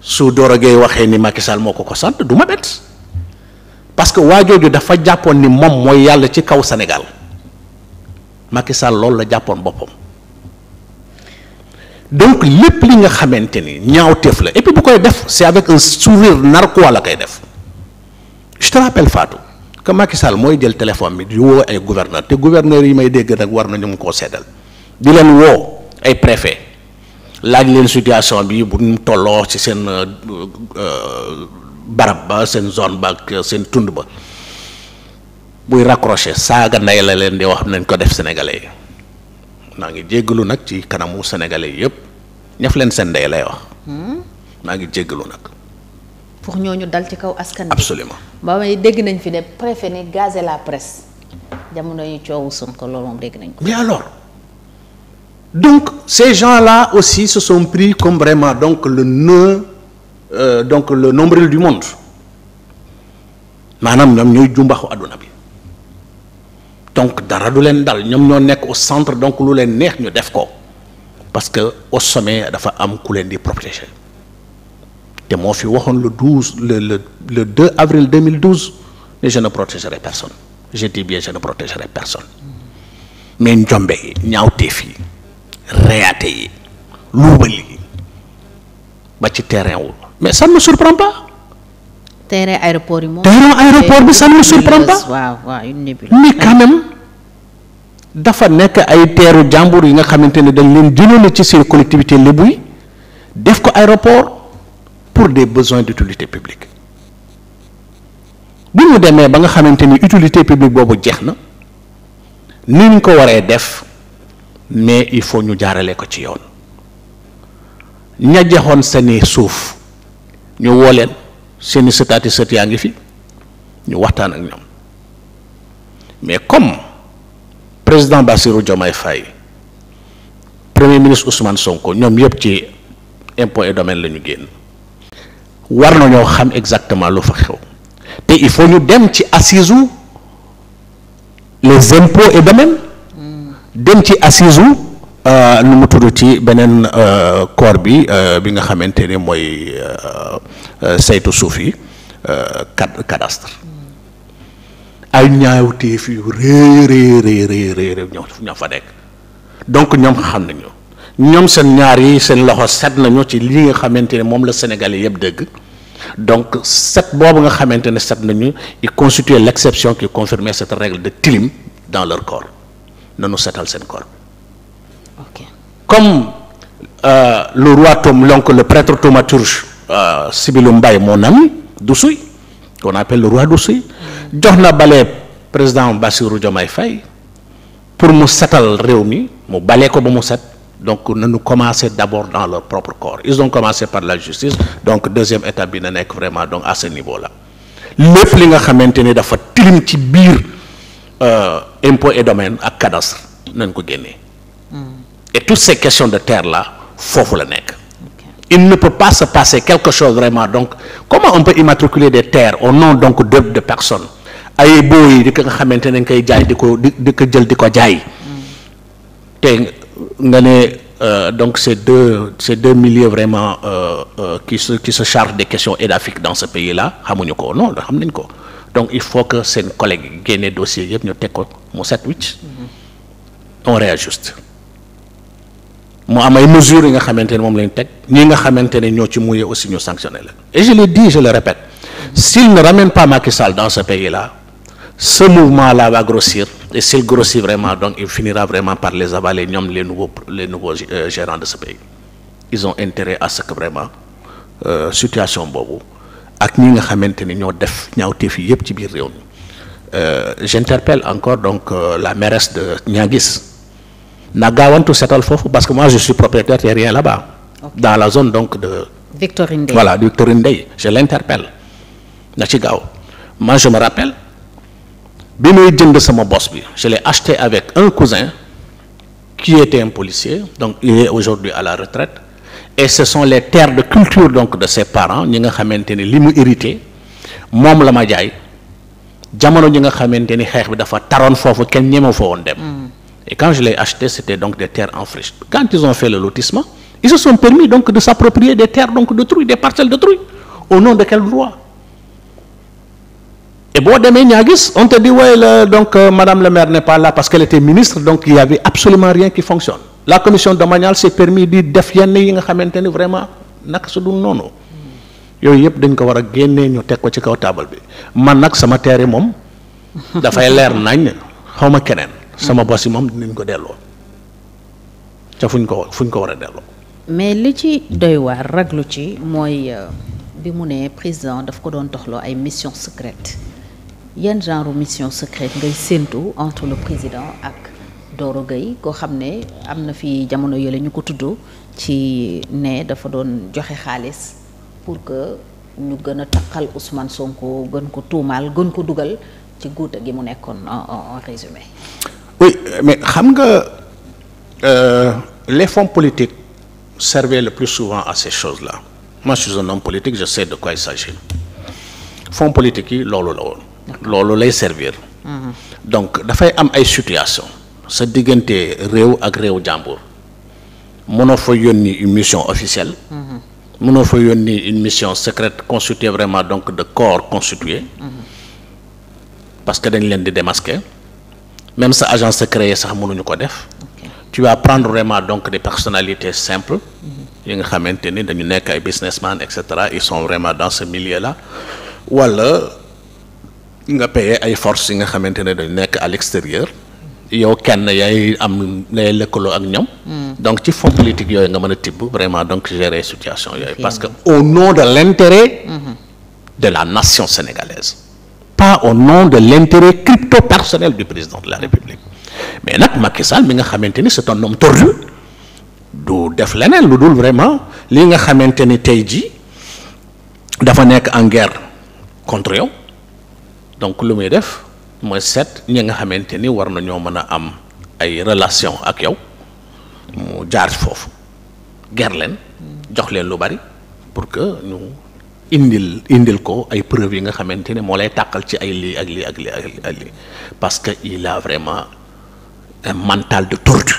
B: su Doro Gueye waxee ni makisal moo ko ko sant du ma bett parce que waa jooju dafa jàppoon ni moom mooy yàlla ci kaw Sénégal makisal Sall loolu la jàppoon boppam. donc lépp li nga xamante ni ñaaw ñaawteef la et bu koy def c'est avec un sourire narquois la koy def je te rappelle Fatou mooy jël téléphone bi di woo ay gouverneur te gouverneurs yi may dégg nag war nañu mu koo seddal di leen woo ay préfet laaj leen situation bi bu ñu tolloo ci seen euh, barab ba seen zone ba seen tund ba buy raccroché saaga nday la leen di wax nañ ko def sénégalais maa ngi jéggalu nag ci kanamu sénégalais yëpp ñaf leen seen ndey lay wax. Hmm? maa ngi jéggalu nag.
A: pour ñu dal ci kaw askan bi. absolument ba may dégg nañ fi ne préfet ne gazé la presse jamono yi coowu sun ko loolu moom dégg nañ
B: ko. mais alors donc ces gens-là aussi se sont pris comme vraiment donc le euh, donc le nombril du monde maanaam ñoom ñooy jumbaxu àdduna bi. donc dara du leen dal ñoom ñoo nekk au centre donc lu leen neex ñu def ko parce que au sommet dafa am ku leen di protéger te moo fi waxoon le 12 le le le 2 avril 2012 ne je ne protégerai personne je dis bien je ne personne mais njombe yi ñaawteef yi reyaate yi luubal yi ba ci terrain wu mais ça me surprend pas
A: terrain aéroport yi moom. terrain aéroport bi ça ne me surprend pas.
B: waaw dafa nekk ay teeru jàmbur yi nga xamante ne dañ leen jëloon ci seen collectivité lébu yi def ko aéroport pour des besoins d'utilité publique bu mu demee ba nga xamante ni utilité publique boobu jeex na ni ñu ko waree def mais il faut ñu jaarale ko ci yoon ña joxoon seeni suuf ñu woo seeni sëtaati sët yaa ngi fi ñu waxtaan ak ñoom mais comme président Bassirou Diomaye Faye premier ministre Ousmane Sonko ñoom yëpp ci impôt et domaine la ñu génn war na ñoo xam exactement lu fa xew te il faut ñu dem ci assise les impôts et domaines dem ci assise euh, nu mu tudd ci beneen euh, corps bi euh, bi nga xamante ni mooy Euh, saytu suuf yi euh, cad cadastre ay ñaawteef yu rëy rëy rëy rëy ñoo fa nekk donc ñoom xam nañu ñoom seen ñaar yi seen loxo set nañu ci li nga xamante ne moom la Sénégalais yëpp dëgg donc set boobu nga xamante ne set nañu il constituait l'exception ki confirmait cette règle de tilim dans leur corps nanu setal seen corps comme euh, roi Tom l'oncle prêtre thaumaturge Euh, Sibilu Mbaye moo nam d'Oussouye qu'on appelle le roi d'Oussouye jox na bale président Bassirou Diomaye fay pour mu setal réew mi mu bale ko ba mu set donc nañu commencer d'abord dans leur propre corps ils ont commencé par la justice donc deuxième état bi na nekk vraiment donc à ce niveau là lépp li nga xamante ni dafa tilim ci biir euh, impôt et domaine ak cadastre nañ ko génnee
C: hmm.
B: et toutes ces questions de terre la foofu la nekk il ne peut pas se passer quelque chose vraiment donc comment on peut immatriculer des terres o nom donc de de personnes di ko nga xamante ne dañ koy jaay di ko jël di ko jaay te nga ne euh, donc ces deux ces deux milieux vraiment euh, euh, qui se qui se chargent des questions édaphiques dans ce pays là xamuñu ko non xam nañ ko donc il faut que seen collègue génne dossier yëpp ñu teg ko mu set wicc on réajuste mu am ay mesures yi nga xamante ne moom lañ teg ñi nga xamante ne ñoo ci muyee aussi ñu sanctionné la et je le dis je le répète s'il ne ramène pas Macky Sall dans ce pays là ce mouvement là va grossir et s'il grossit vraiment donc il finira vraiment par les avaler ñoom les nouveaux les nouveaux euh, de ce pays ils ont intérêt à ce que vraiment euh, situation boobu ak ñi nga xamante ni ñoo def ñaaw ñaawteef fii yëpp ci biir réew mi euh, j'interpelle encore donc euh, la mairesse de Niaguis na gaawantu setal foofu parce que moi je suis propriétaire terrien là-bas. Okay. dans la zone donc de.
A: Victorine Ndeye voilà
B: Victorine Ndeye je l'interpelle na ci gaaw moi je me rappelle bi muy jënd sama bos bi je l'ai acheté avec un cousin qui était un policier donc il est aujourd'hui à la retraite et ce sont les terres de culture donc de ses parents ñi nga xamante ni li mu hérité moom la ma jaay jamono ñi nga xamante ni xeex bi dafa taroon foofu kenn ñemewu fa woon dem. Hmm. Et quand je l'ai acheté, c'était donc des terres en friche. Quand ils ont fait le lotissement, ils se sont permis donc de s'approprier des terres donc de truie, des Au nom de quel droit Et boo demee ñaa gis on te dit ouais la donc euh, madame le maire n'est pas là parce qu'elle était ministre donc il y avait absolument rien qui fonctionne. La commission domaniale s'est permis di def yenn yi nga xamante ni vraiment naka su dul noonu yooyu yëpp dañ ko war a génnee ñu teg ko ci kaw taabal bi man nag sama terre moom dafay leer nañ xaw ma keneen. sama bos yi moom dinañ ko delloo ca fuñ ko fuñ ko war a delloo.
A: mais li ci doy raglu ci mooy euh, bi mu nee président daf ko doon toxloo ay mission secrète yan genre mission secrète ngay séentu entre le président ak Doro Gueye koo xam ne am na fi jamono yële ñu ko tudd ci ne dafa doon joxe xaalis pour que ñu gën a taqal Ousmane Sonko gën ko tuumaal gën ko dugal ci guuta gi mu nekkoon en en résumé.
B: mais xam nga euh, les fonds politiques servaient le plus souvent à ces choses-là moi je suis un homme politique je sais de quoi il s'agit fonds politique yi loolu la woon loolu lay servir mm-hmm. donc dafay am ay situation sa diggante réew ak réew jàmbur mënoo fa yónni une mission officielle mm-hmm. mënoo fa yónni une mission secrète constituée vraiment donc de corps constitué mm-hmm. parce que dañ leen di démasquer même sa agence créer sax mënuñu ko def tu prendre vraiment donc des personnalités simples yi nga xamante ni dañu nekk ay businessman et cetera ils sont vraiment dans ce milieu là wala nga paye ay forces yi nga xamante ne dañu nekk à l'extérieur yow kenn yaay am lay lëkkaloo ak ñoom. Hmm. donc ci fonds politique yooyu nga mën a tibb vraiment donc gérer situation yooyu. parce que au nom de l'intérêt. Hmm. de la nation sénégalaise. pas au nom de l'intérêt crypto-personnel du président de la République mais nag Macky Sall mi nga xamante ni c'est un homme tordu du def leneen lu dul vraiment li nga xamante ni tey jii dafa nekk en guerre contre yow donc lu muy def mooy seet ñi nga xamante ni war nañoo mën a am ay relation ak yow mu jaar foofu guerre leen jox leen lu bari pour que ñu indil indil ko ay preuves yi nga xamante ne moo lay tàqal ci ay lii ak lii ak lii ak lii parce que il a vraiment un mental de tortue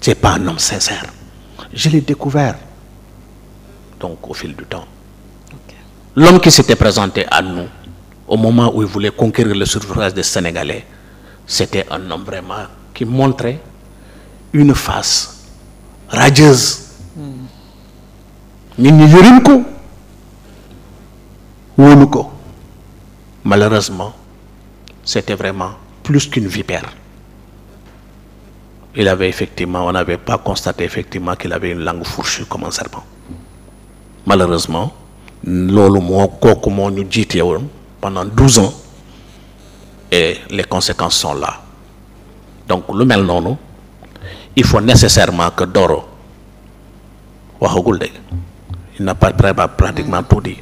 B: c'est pas un homme sincère je l'ai découvert donc au fil du temps okay. l'homme qui s'était présenté à nous au moment où il voulait conquérir le suffrage des Sénégalais c'était un homme vraiment qui montrait une face radieuse hmm. nit ñi yërëm ko wóolu ko malheureusement c'était vraiment plus qu'une vipère il avait effectivement on n'avait pas constaté effectivement qu'il avait une langue fourchue comme malheureusement loolu moo kooku moo ñu jiitee woon pendant douze ans et les conséquences sont là donc lu mel noonu il faut nécessairement que Doro waxagul de il n'a pas pratiquement tout dit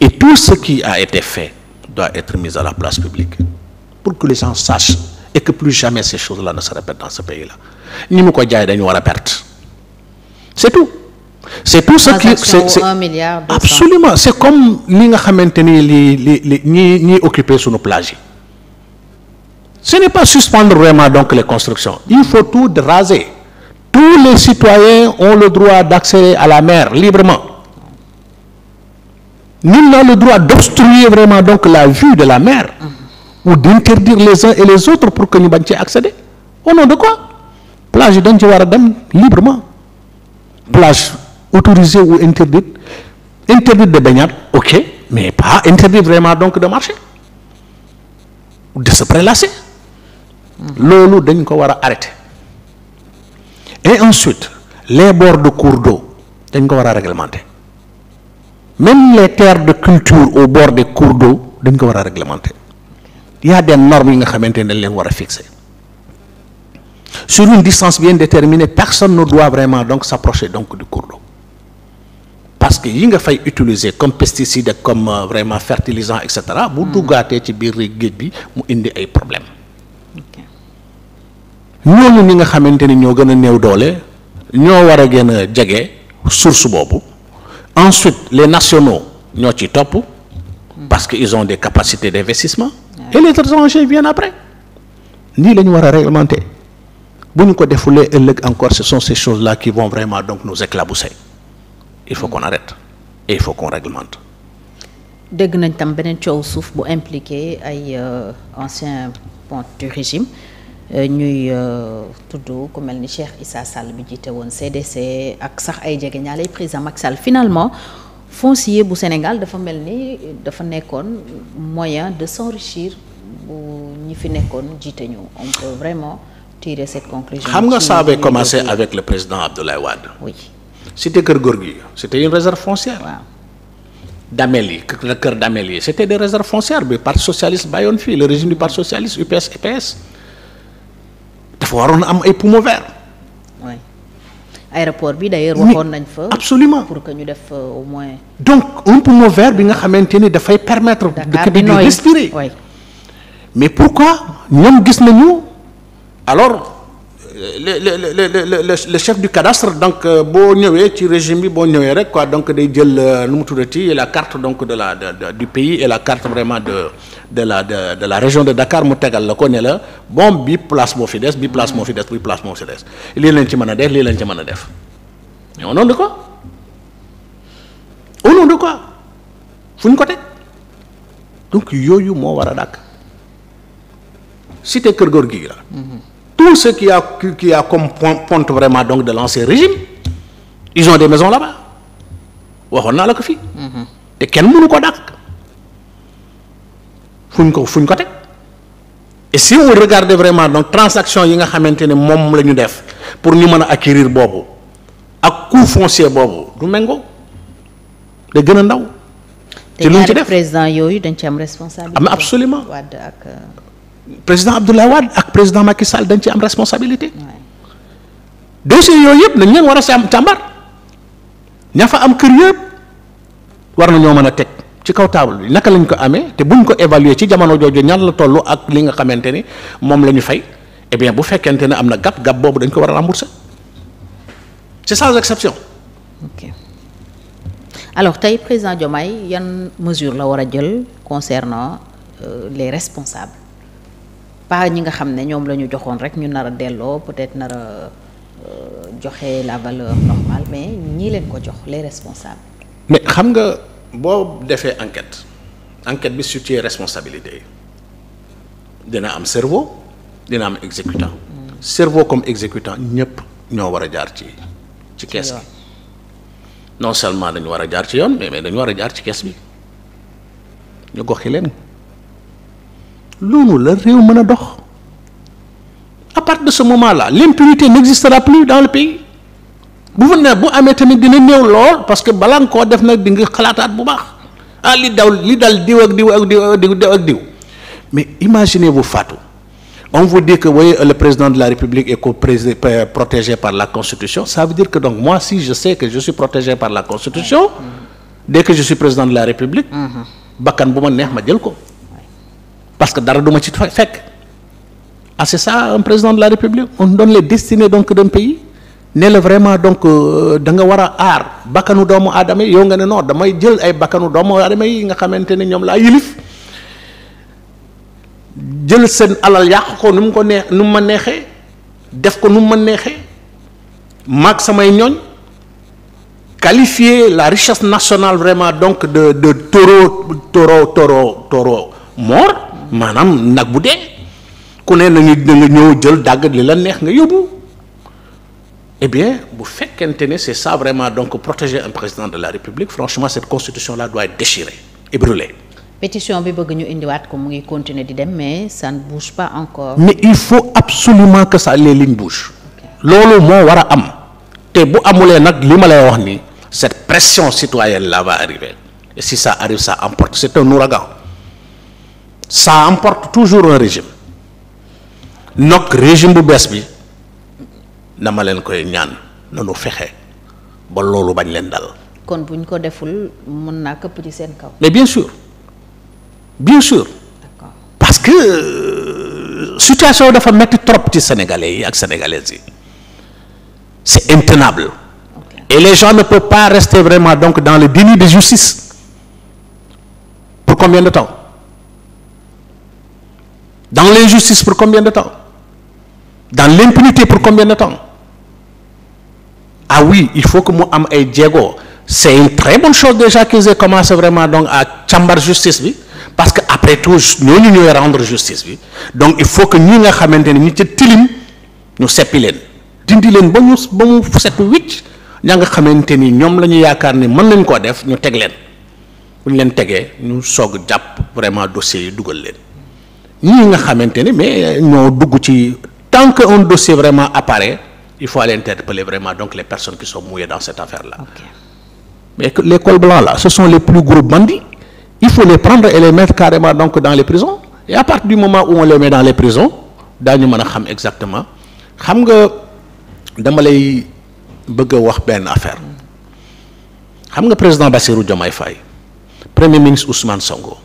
B: Et tout ce qui a été fait doit être mis à la place publique pour que les gens sachent et que plus jamais ces choses-là ne se répètent dans ce pays-là ni mu ko jaay dañu war a perte c'est tout. c'est tout ce qui c'est c'est absolument c'est comme li nga xamante ni li li ñi ñiy occuper suñu plage yi ce n'est pas suspendre vraiment donc les constructions il faut tout raser tous les citoyens ont le droit d'accéder à la mer librement nul n'a le droit d'obstruer vraiment donc la vue de la mer ou d'interdire les uns et les autres pour que ñu bañ ci accéder au nom de quoi plage yi dañ ci war a dem librement plage autorisée ou interdite interdite de baignade ok mais pas interdit vraiment donc de marcher de se prélasser loolu dañ ko war a arrêter et ensuite les bords de cours d'eau dañ ko war a réglementer même les terres de culture au bord des cours d'eau dañ ko war a réglementer il y a des yi nga xamante ne dañ leen war a fixer sur une distance bien déterminée personne ne doit vraiment donc s'approcher donc du cours d'eau parce que yi nga fay utiliser comme pesticide comme euh, vraiment fertilisant et bu hmm. duggaatee ci biir géej bi mu indi ay problèmes ñooñu li nga xamante ni ñoo gën a néew doole ñoo war a gën a jege source boobu ensuite les nationaux ñoo ci topp parce que ils ont des capacités d'investissement et les étrangers viennent après nii la ñu war a réglementer bu ñu ko defulee ëllëg encore ce sont ces choses là qui vont vraiment donc nous éclabousser il faut qu'on arrête et il faut qu'on réglemente
A: dégg nañ tam beneen coow suuf bu impliqué ay euh, anciens pontes du régime Euh, ñuy euh, tudd ku mel ni Cheikh Issa Sall bi jiite woon CDC ak sax ay jege ñaale président Macky Sall finalement foncier bu Sénégal dafa mel ni dafa nekkoon moyen de s'enrichir bu ñi fi nekkoon jiite ñu on peut vraiment tirer cette conclusion. xam nga ça avait commencé
B: avec le président Abdoulaye Wade. ci cité Kër Gorgui c'était une réserve foncière. waaw damel yi kër damel yi c'était des réserves foncières bi parti socialiste bàyyoon fii le régime du parti socialiste dafa waroon am ay poumon vert.
A: oui aéroport nañ fa. absolument pour que ñu def euh, au moins.
B: donc un poumon vert bi nga xamante ni dafay permettre. dëkk bi di respirer oui. mais pourquoi ñoom gis nañu alors. le le le le le le chef du cadastre donc euh, boo ñëwee ci régime bi boo ñëwee rek quoi donc day jël euh, nu mu tuddati la carte donc de la de, de, du pays et la carte vraiment de de la de la région de Dakar mu tegal la ko ne la bon bi place moo fi des bi place moo fi des bi place moo fi des lii leen ci mën a def lii leen ci mën a def mais au yooyu moo war a dàkk cité Kër Gorgui la. Mm-hmm. tout ce qui a qui vraiment donc de l'ancien régime ils ont des maisons là waxoon naa la ko fii. Mm-hmm. te kenn mënu ko dàkk. fuñ ko fuñ ko teg et si vous regardez vraiment donc transaction yi nga xamante ne moom la ñu def pour ñu mën a boobu ak coût foncier boobu du méngoo da gën a ndaw. ci lu ci def
A: président yooyu dañ ci am responsabilité.
B: am ah, absolument Wade ak. Euh, président Abdoulaye Wade ak président dañ ci am responsabilité. dossier yooyu yëpp dañ leen war a si am càmbar ña fa am kër war na ñoo mën a teg. ci kaw taabal bi naka lañ ko amee te buñ ko évaluer ci jamono jooju ñan la toll ak li nga xamante ni moom la ñu fay eh bu fekkente ne am na gap gap boobu dañ ko war a rembourser c'est sans exception. ok
A: alors tey président Diomaye yan mesure la war a jël concernant euh, les responsables pas ñi nga xam ne ñoom la ñu joxoon rek ñu nar a delloo peut-être nar a euh, joxe la valeur normale mais ñii leen ko jox les responsables.
B: mais xam nga. boo defee enquête enquête bi situé responsabilité yi dina am cerveau dina am exécutant servo comme exécutant ñëpp ñoo war a jaar ci ci kees bi non seulement dañu war a jaar ci yoon mais mais dañu war a jaar ci kees bi ñu goxi leen loolu la réew mën a dox à partir de ce moment là l'impunité n'existera plus dans le pays bu fa ne bu amee tamit dina néew lool parce que balaa nga koo def nag di nga xalaataat bu baax ah li daw li dal diw ak diw ak diw ak diw ak diw mais imaginez vous Fatou on vous dit que le président de la République est protégé par la Constitution ça veut dire que donc moi si je sais que je suis protégé par la Constitution dès que je suis président de la République bakkan bu ma neex ma jël ko parce que dara du ma ci fekk ah c'est ça un président de la République on donne les donc d'un pays ne la vraiment donc euh, da nga war a aar bakkanu doomu aadama yow nga ne non damay jël ay bakkanu doomu aadama yi nga xamante ne ñoom laa yilif jël seen alal yàq ko nu mu ko neex nu mu ma neexee def ko nu mu ma neexee maag samay ñooñ qualifier la richesse nationale vraiment donc de de taureau taureau taureau taureau mort maanaam nag bu dee ku ne na nga ñëw jël dàgg li la neex nga yóbbu. eh bien bu fekkente ne c'est ça vraiment donc protéger un président de la République franchement cette constitution là doit être et brûlée.
A: pétition bi bëgg ñu indiwaat ko mu ngi continuer di dem mais ça ne bouge pas encore.
B: mais il faut absolument que ça les lignes bougent. loolu moo war a am te bu amulee nag li ma lay wax nii cette pression citoyenne là va arriver et si ça arrive sa emporte c'est un ouragan ça emporte toujours un régime nokk régime bu bees bi. dama leen koy ñaan nanu fexe ba loolu bañ leen dal.
A: kon bu ñu ko deful mën naa këpp ci seen kaw.
B: mais bien sûr bien sûr. parce que euh, dafa metti trop ci sénégalais yi ak sénégalaises yi c'est intenable. Okay. et les gens ne peuvent pas rester vraiment donc dans le déni de justice pour combien de temps dans l'injustice pour combien de temps dans l'impunité pour combien de temps. ah oui il faut que mu am ay jéego c'est une très bonne chose déjà qu'ils aient commencé vraiment donc ak cambar justice bi parce que après tout ñooñu ñooy rendre justice bi donc il faut que ñi nga xamante ne ñi ca tilim ñu seppi leen dindi leen ba mu ba mu set wicc ña nga xamante ni ñoom la ñu yaakaar ni mën nañ koo def ñu teg leen bu ñu leen tegee ñu soog jàpp vraiment dossiers yi dugal leen ñii nga xamante ni mais ñoo dugg ci tant que un dossier vraiment apparaît il faut aller interpeller vraiment donc les personnes qui sont mouillées dans cette affaire-là. Mais que les cols blancs là, ce sont les plus gros bandits. Il faut les prendre et les mettre carrément donc dans les prisons. Et à partir du moment où on dans les prisons daañu mën a xam exactement xam nga dama lay bëgg a wax benn affaire xam nga président Bassirou Diomaye Faye premier ministre Ousmane Sonko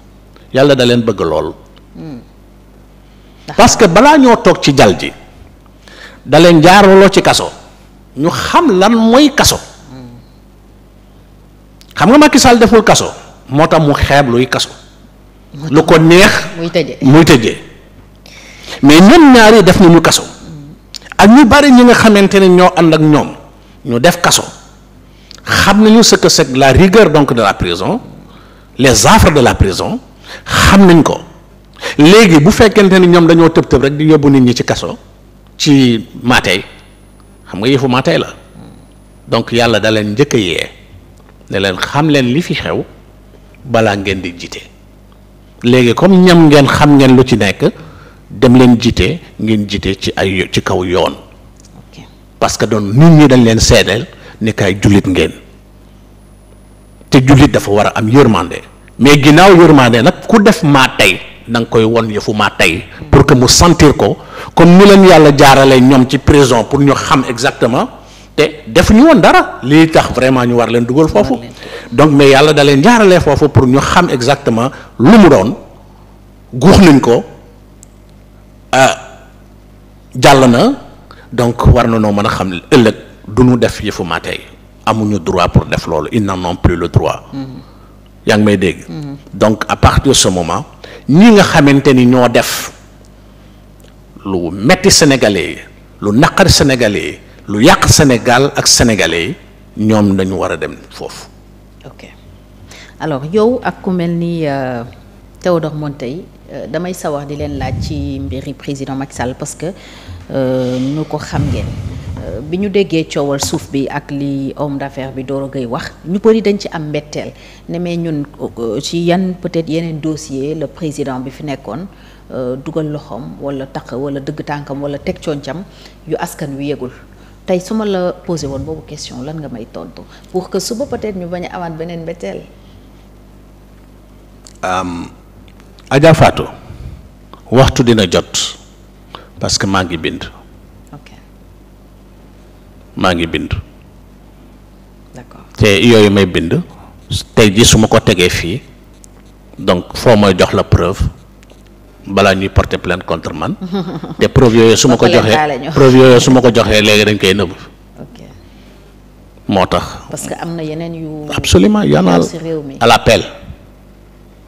B: yàlla da leen bëgg lool. Hmm. parce que balaa ñoo toog ci jal ji. daleen leen jaarloo ci kaso ñu xam lan mooy kaso xam nga Macky Sall deful kaso moo tax mu xeeb luy kaso lu ko neex muy tëje mais ñoom ñaari def nañu kaso ak ñu bari ñi nga xamante ne ñoo ànd ak ñoom ñu def kaso xam nañu ce que la rigueur donc de la prison les affres de la prison xam nañ ko léegi bu fekkente ni ñoom dañoo tëb tëb rek di yóbbu nit ñi ci kaso ci maatey xam nga yëfu maatey la donc yàlla da leen njëkk yee ne leen xam leen li fi xew balaa ngeen di jiite léegi comme ñam ngeen xam ngeen lu ci nekk dem leen jiite ngeen jiite ci ay ci kaw yoon parce que doon nit ñi dañ leen seedeel ni kay jullit ngeen te jullit dafa war a am yërmande mais ginnaaw yërmande nag ku def maa nanga nga koy won yëfu maa tey pour que mu sentir ko comme ni leen yàlla jaaralee ñoom ci prison pour ñu xam exactement te def ñu woon dara lii tax vraiment ñu war leen dugal foofu donc mais yàlla da leen jaaralee foofu pour ñu xam exactement lu mu doon guux nañ ko euh, jàll na donc war na noo mën a xam ëllëg du ñu def yëfu maa tey amuñu droit pour def loolu ils na ont plus le droit mm-hmm. yaa ngi may dégg mm-hmm. donc à partir de ce moment ñi nga xamante ni ñoo def lu metti sénégalais lu naqar sénégalais lu yàq Sénégal ak sénégalais yi ñoom dañu war a dem foofu. ok
A: alors yow ak ku mel ni euh, Théodore Monteil euh, damay sawar di leen laaj ci mbiri président Macky Sall parce que ñu euh, ko xam ngeen. bi ñu déggee coowal suuf bi ak li homme d'affaires bi Doro Gueye wax ñu bëri dañ ci am mbetteel ne mais ñun euh, ci yan peut-être yeneen dossier le président bi fi nekkoon euh, dugal loxoom wala taq wala dëgg tànkam wala teg concam yu askan wi yëgul tey su ma la posé woon boobu question lan nga may tontu pour que suba peut ñu bañ a beneen mbetteel.
B: Adja waxtu dina jot parce que maa ngi bind. maa ngi bind. d'accord te yooyu may bind te jii su ma ko tegee fii donc foo may jox la preuve balaa ñuy porter plainte contre te preuve yooyu su ma ko joxee preuve yooyu su ma ko joxee léegi dañ koy nëbb. moo tax.
A: parce que am na yeneen yu.
B: absolument yanal à l'appel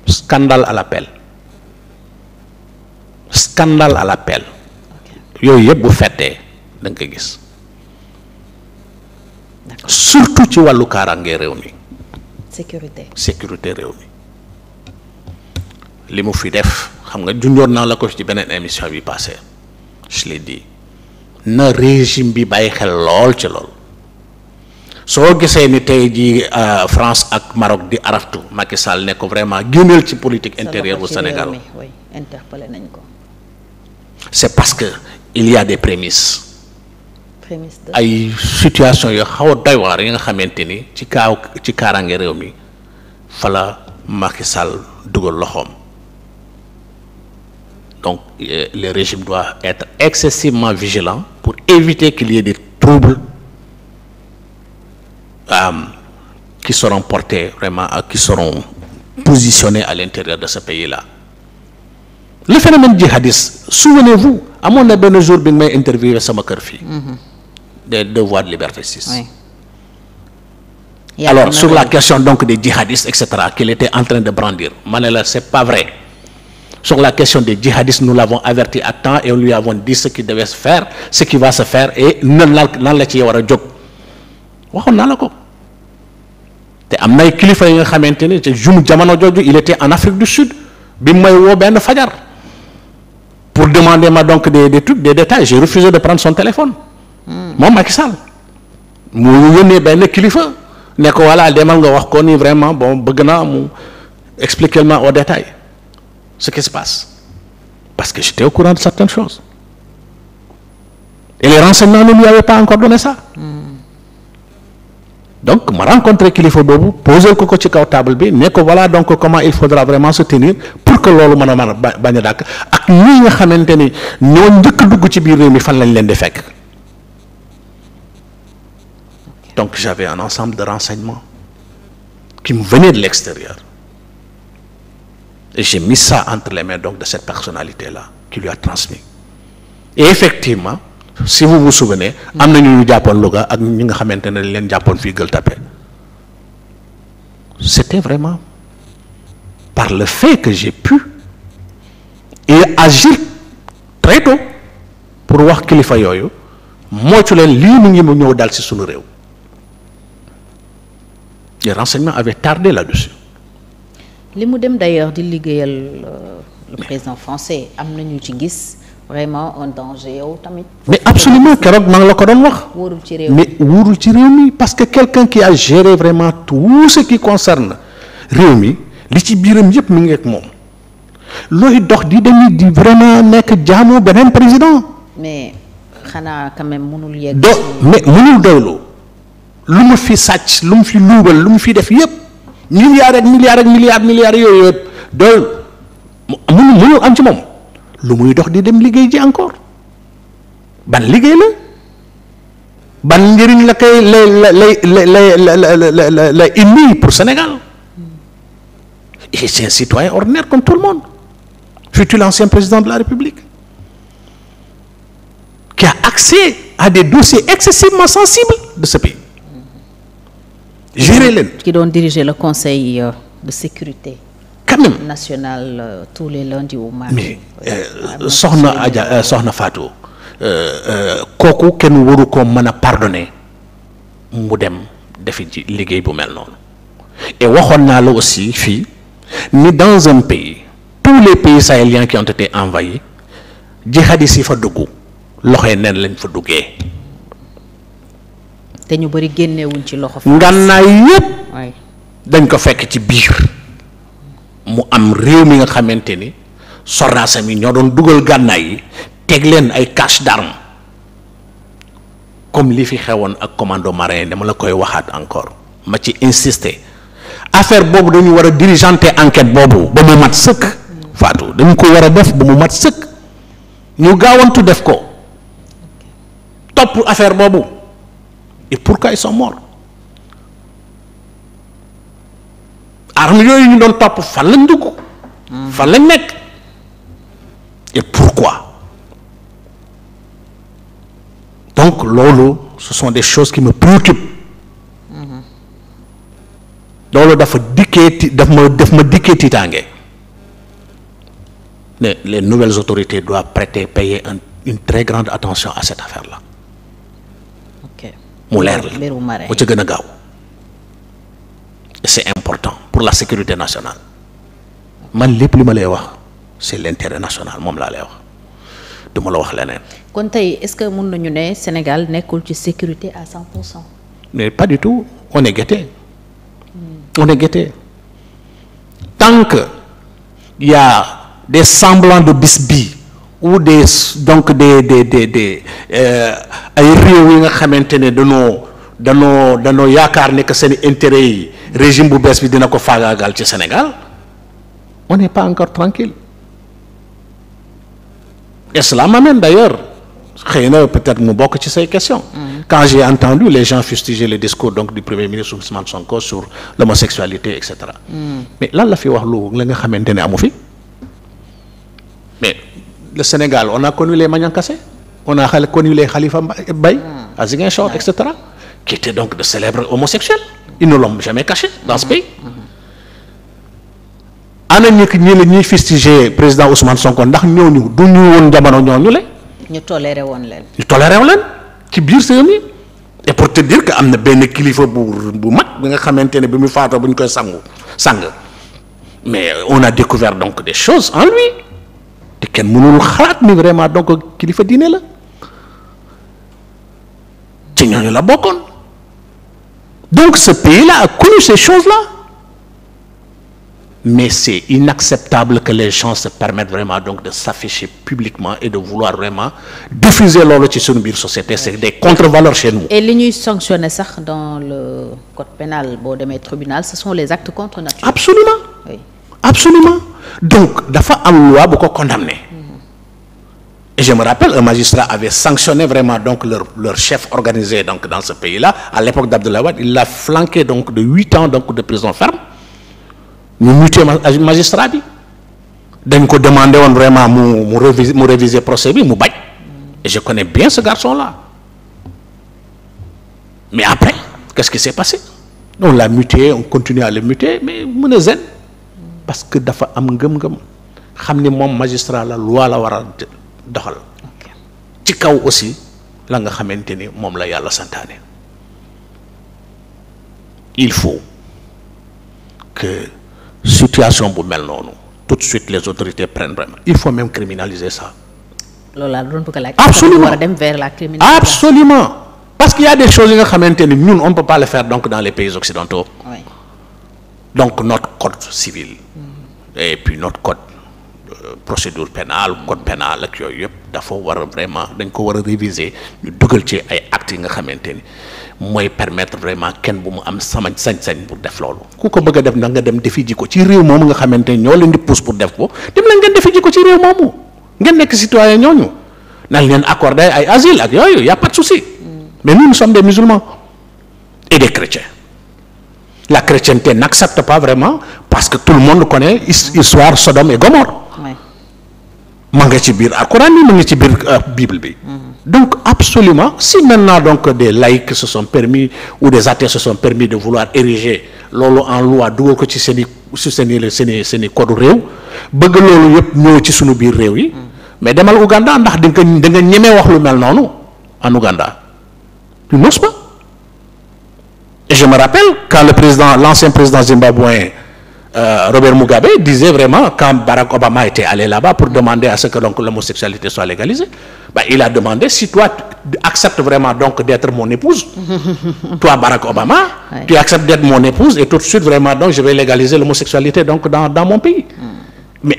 B: scandale à l'appel scandale à l'appel yooyu yëpp bu fettee da koy gis. surtout ci wàllu kaaraange réew mi. sécurité sécurité réew mi li mu fi def xam nga junjoon naa la ko ci beneen émission bi passé je l'ai dit na régime bi bàyyi xel lool ci lool soo gisee ni tey jii euh, France ak Maroc di araftu Macky Sall ne ko vraiment génneel ci politique intérieure bu Sénégal
A: interpellé nañ ko.
B: c'est parce que il y a des prémices. ay situation yoo xaw a doy waar yi nga xamante ni ci kaaw ci kaaraange réew mi fa la Macky Sall dugal loxoom donc euh, le régime doit être excessivement vigilant pour éviter qu'il y ait des troubles euh, qui seront portés vraiment qui seront positionnés à l'intérieur de ce pays-là le phénomène djihadiste souvenez-vous amoon na benn jour bi may interviewé sama kër fii mm-hmm. des devoirs de liberté 6. Oui. alors sur la question donc des djihadistes et cetera qu'il était en train de brandir ma ne la c'est pas vrai sur la question des djihadistes nous l'avons averti à temps et lui avons dit ce qu'il devait se faire ce qui va se faire et nan la ci war a jóg waxoon naa la ko te am nay kilifa yi nga xamante ni te jum jamono jooju il était en Afrique du Sud bi may woo benn fajar pour demander ma donc des des trucs des détails j'ai refusé de prendre téléphone moom Macky Sall mu yónnee benn kilifa ne ko voilà demal nga wax ko ni vraiment bon bëgg naa mu expliquer ma au détail ce qui se passe parce que j'étais au courant de certaines choses et les renseignements ne lui avaient pas encore donné ça donc ma rencontré kilifa boobu posé ko ko ci kaw table bi ne ko voilà donc comment il faudra vraiment se tenir pour que loolu mën a mën a bañ a ak ñi nga xamante ni ñoo njëkk dugg ci biir réew mi fan lañ leen di fekk. Donc j'avais un ensemble de renseignements qui mu venaient de l'extérieur. Et j'ai mis ça entre les mains donc de cette personnalité-là qui lui a transmis. effectivement, si vous vous souvenez, am na ñu ñu jàppoon Louga ak ñi nga xamante ne leen jàppoon fii Gueule Tapée. C'était vraiment par le fait que j'ai pu et agir très tôt pour wax kilifa yooyu moytu leen lii mu ngi mu ñëw dal ci sunu réew. les renseignements avaient tardé
A: li mu dem d'ailleurs di liggéeyal euh, le président français am ñu ci gis vraiment un danger yow tamit.
B: mais absolument keroog maa la ko doon wax. ci réew mi mais wóorul ci réew mi parce que quelqu'un qui a géré vraiment tout ce qui concerne réew mi li ci biiram yëpp mu ngi ak moom looy dox di dem di vraiment nekk jaamu beneen président.
A: mais xanaa quand yegg.
B: mais mënul doylu lu mu fi sàcc lu mu fi luubal lu mu fi def yépp milliards ak milliards yooyu yëpp dool mënu mënul am ci moom lu muy dox di dem liggéey ji encore ban liggéey la ban njëriñ la koy lay lay lay la la indi pour Sénégal et c'est un citoyen ordinaire comme tout le monde fut-il l'ancien président de la République qui a accès à des dossiers excessivement sensibles de ce pays
A: juré leen. ki doon diriger la conseil euh, de sécurité. quand même national euh, tous les lundis ou mardi. mais
B: euh, soxna Adja soxna Fatou kooku kenn waru ko mën a pardonner mu dem defit ci liggéey bu mel noonu et waxoon naa la aussi fii ni dans un pays tous les pays sahéliens qui ont été envahis yi fa dugg loxo yi neen lañ fa duggee.
A: te ñu bari génneewuñ ci loxo. ngànnaay
B: yépp dañ ko fekk ci biir mu am réew mi nga xamante ni soraasam yi ñoo doon dugal gànnaay yi teg leen ay cache d'arme comme li fi xewoon ak commando marin dama la koy waxaat encore ma ci insister affaire boobu dañu war a dirigeante enquête boobu ba mu mat sëkk Fatou dañu ko war a def ba mu mat sëkk ñu gaawantu def ko topp affaire boobu. et pourquoi ils sont morts armes yooyu ñu doon topp fan lañ dugg. fan lañ nekk et pourquoi donc loolu ce sont des choses qui me préoccupent loolu dafa dikkee daf ma daf ma dikkee tiitaange mais les nouvelles autorités doivent prêter payer un une très grande attention à cette affaire-là mu leer la mu ca gën a gaaw c'est important pour la sécurité nationale man lépp li ma lay wax c'est l'intérêt national moom laa lay wax du ma la wax leneen.
A: kon tey est-ce que mun nañu ne Sénégal nekkul ci sécurité à 100 pour
B: mais pas du tout on est guetté hmm. on est guetté tant que y a des semblants de bisbis ou des donc des des des des euh, ay réew yi nga xamante ne danoo danoo danoo yaakaar ne que seen intérêt yi régime bu bees bi dina ko faagaagal ci Sénégal on n'est pas encore tranquille et cela m'amène d'ailleurs xëy na peut-être mu bokk ci say question mm-hmm. quand j'ai entendu les gens fustiger le discours donc du premier ministre Ousmane Sonko sur l'homosexualité et cetera mm. mais lan la fi wax lu la nga xamante ne amu fi le Sénégal, on a connu les Magnankasé, on a connu les Khalifa Baye, à Ziguinchor, etc., qui étaient donc de célèbres homosexuels. Ils ne l'ont jamais caché dans ce mmh. Mmh. Sonko ndax ñooñu du ñu woon jamono ñooñu le. leen. ci biir sëñ yi et pour te dire que am na benn kilifa bu bu mag bi nga xamante ne bi mu faatoo bu ñu koy sangu sang mais on a découvert donc des choses en lui. mu mënul xalaat ni vraiment donc kilifa diine la ci ñooñu la bokkoon donc ce pays-là a connu ces choses-là mais c'est inacceptable que les gens se permettent vraiment donc de s'afficher publiquement et de vouloir vraiment diffuser loolu ci suñu biir société c'est des contre-valeurs chez nous.
A: et li ñuy sanctionner sax dans le code pénal boo demee tribunal ce sont les actes contre nature. absolument
B: absolument donc dafa am loi bu ko condamné et je me rappelle un magistrat avait sanctionné vraiment donc leur leur chef organisé donc dans ce pays-là à l'époque d'Abdoulaye il l'a flanqué donc de huit ans donc de prison ferme mu muté euh, magistrat bi dañ ko demandé woon vraiment mu mu réviser mu réviser procès bi mu bañ et je connais bien ce garçon-là mais après qu'est-ce qui s'est passé on l'a muté on continue le muter mais mu ne zen parce que dafa am ngëm-ngëm xam ni moom magistrat la loi la war a doxal ci kaw aussi la nga xamante ni moom la yàlla santaane il faut que situation bu mel noonu tout de suite les autorités prennent il faut même criminaliser ça.
A: loolu laa doon bëgg a laaj. absolument war a dem vers la criminalisation.
B: absolument parce qu'il y a des yi nga xamante ni ñun on peut pas le faire donc dans les pays occidentaux. donc not code civil et puis notre code euh, procédure pénale code pénal ak yooyu yëpp dafa war a vraiment dañ ko war a réviser ñu dugal ci ay actes yi nga xamante ni mooy permettre vraiment kenn bu mu am sama sañ-sañ pour def loolu ku ko bëgg def nag nga dem defi ji ko ci réew moomu nga xamante ni ñoo leen di pousse pour def ko dem leen ngeen defi ko ci réew moomu ngeen nekk citoyen ñooñu nañ leen accorder ay asile ak yooyu y' a pas de souci mais nous nous sommes des musulmans la chrétienté n'accepte pas vraiment parce que tout le monde connaît histoire Sodome et Gomorrhe ma nga ci biir alquran bi ma nga ci biir euh, bible bi mm-hmm. donc absolument si maintenant donc des laïcs se sont permis ou des athées se sont permis de vouloir ériger loolu en loi dugal ko ci seen i su seen i seen i seen i kodu réew bëgg loolu yëpp ñëw ci sunu biir réew yi mm-hmm. mais demal Ouganda ndax di nga wax lu mel noonu en Ouganda Et je me rappelle quand le président, l'ancien président zimbabwéen euh, Robert Mugabe disait vraiment quand Barack Obama était allé là-bas pour demander à ce que donc l'homosexualité soit légalisée, bah, il a demandé si toi tu acceptes vraiment donc d'être mon épouse. toi Barack Obama, ouais. tu acceptes d'être mon épouse tout de suite vraiment donc je vais légaliser l'homosexualité donc dans mon pays. Mm.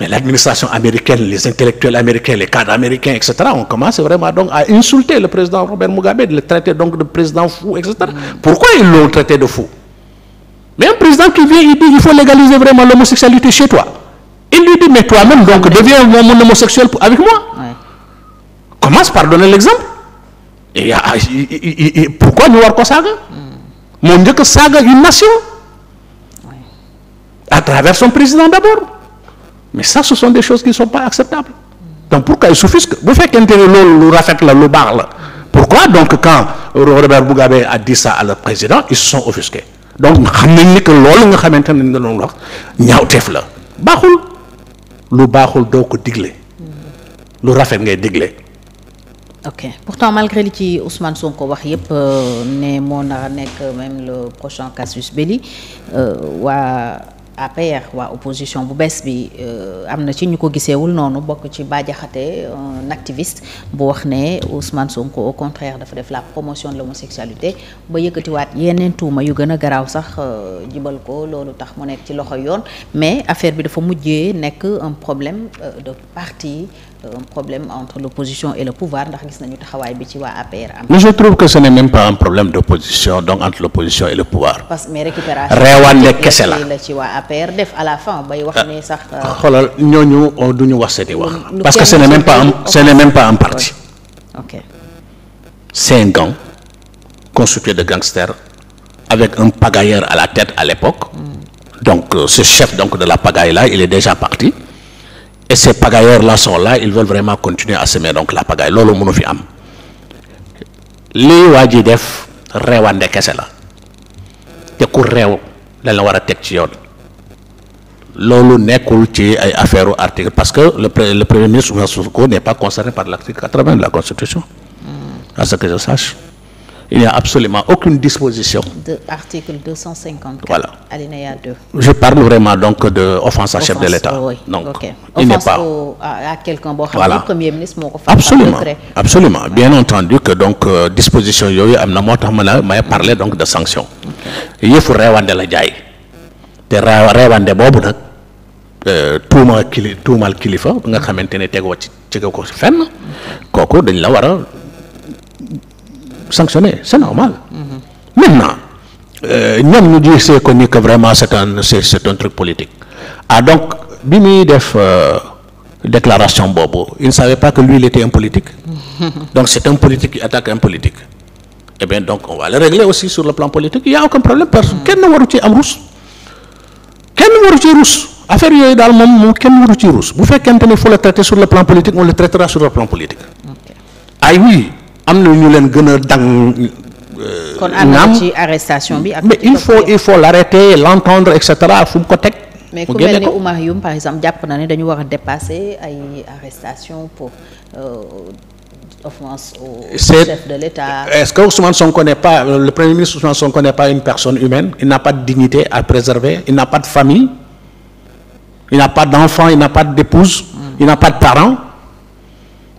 B: Mais l'administration américaine, les intellectuels américains, les cadres américains, etc., ont commencé vraiment donc à insulter le président Robert Mugabe, de le traiter donc de président fou, etc. Mm. Pourquoi ils l'ont traité de fou Mais un président qui vient, il dit il faut légaliser vraiment l'homosexualité chez toi. Il lui dit mais toi-même, donc deviens mon homosexuel avec moi. Ouais. Commence par donner l'exemple. Et, et, ah, ah, pourquoi nous voir Saga Mon mm. Dieu, que Saga une nation. À mais ça ce sont des choses qui sont pas acceptables donc pourquoi ils s'offusquent bu fekkente ne loolu lu rafet la lu baax la pourquoi donc quand Robert Mugabe a dit ça à le président ils se sont offusqués donc xam nañ ni que loolu nga xamante ne nga doon wax ñaawteef la baaxul lu baaxul doo ko digle lu rafet ngay digle.
A: ok pourtant malgré li ci Ousmane Sonko wax yépp euh, ne moo nar a nekk même le prochain casus belli euh, waa. APR waa opposition bu bees bi euh, am na ci ñu ko giseewul noonu bokk ci Bah Diakhaté un activiste bu wax ne Ousmane Sonko au contraire dafa def la promotion de l'homosexualité ba yëkkatiwaat yeneen tuuma yu gën a garaaw sax euh, jibal ko loolu tax mu nekk ci loxo yoon mais affaire bi dafa mujjee nekk un problème euh, de parti Euh, un problème entre l'opposition et le pouvoir ndax taxawaay bi ci waa APR am.
B: mais je trouve que ce n'est même pas un problème d'opposition donc entre l'opposition et le pouvoir.
A: parce kese la la ci waa APR def à la fin bay wax ne sax. Euh,
B: xoolal ñooñu euh, du ñu wax seeti wax. parce que ce n'est même pas un ce n'est même pas un parti. ok c'est de gangsters avec un pagailleur à la tête à l'époque. Hmm. donc ce chef donc de la pagaille là il est déjà parti. et ces pagailleurs là sont là ils veulent vraiment continuer à semer donc la pagaille loolu mënu fi am lii waa ji def reewande kese la te ku reew lañ war a teg ci yoon loolu nekkul ci ay affaire u article parce que le le premier ministre Ousmane Sonko n'est pas concerné par l'article 80 de la constitution à ce que je sache il n'y a absolument aucune disposition.
A: de article 254. voilà alinéa 2. parle
B: vraiment donc de offense à chef de l'État. Oui. donc okay. il n'est
A: moo ko fa. absolument
B: absolument ouais. bien entendu que donc euh, disposition yooyu am na moo tax ma ne may parler donc de sanction. yëfu reewande la jaay te reewande boobu nag. Euh, tuuma kili tuumal kilifa nga xamante ne tegoo ci tege ko fenn kooku dañ la war sanctionner c'est normal. maintenant euh, ñoom ñu gisee ko ni vraiment c'est un c'est c'est un truc politique ah donc bi muy def euh, déclaration boobu il ne savait pas que lui il était un politique donc c'est un politique attaque un politique et eh bien donc on va le régler aussi sur le plan politique il y problème parce que kenn waru ci am rus kenn waru ci rus affaire yooyu daal moom moom kenn waru ci rus bu fekkente ni foo le traiter sur le plan politique on le traitera am na ñu leen gën a dang
A: euh, kon am ci
B: arrestation bi. ak mais il faut il faut l'arrêter l'entendre et fu mu ko teg.
A: mais ku mel ni par exemple jàpp na ne dañu war a dépasser ay arrestation pour euh, offense au chef de l'État. est-ce que
B: Ousmane Sonko n'est pas euh, le premier ministre Ousmane Sonko n'est pas une personne humaine il n'a pas de dignité à préserver il n'a pas de famille il n'a pas d'enfant il n'a pas d'épouse. Mm. il n'a pas de parents.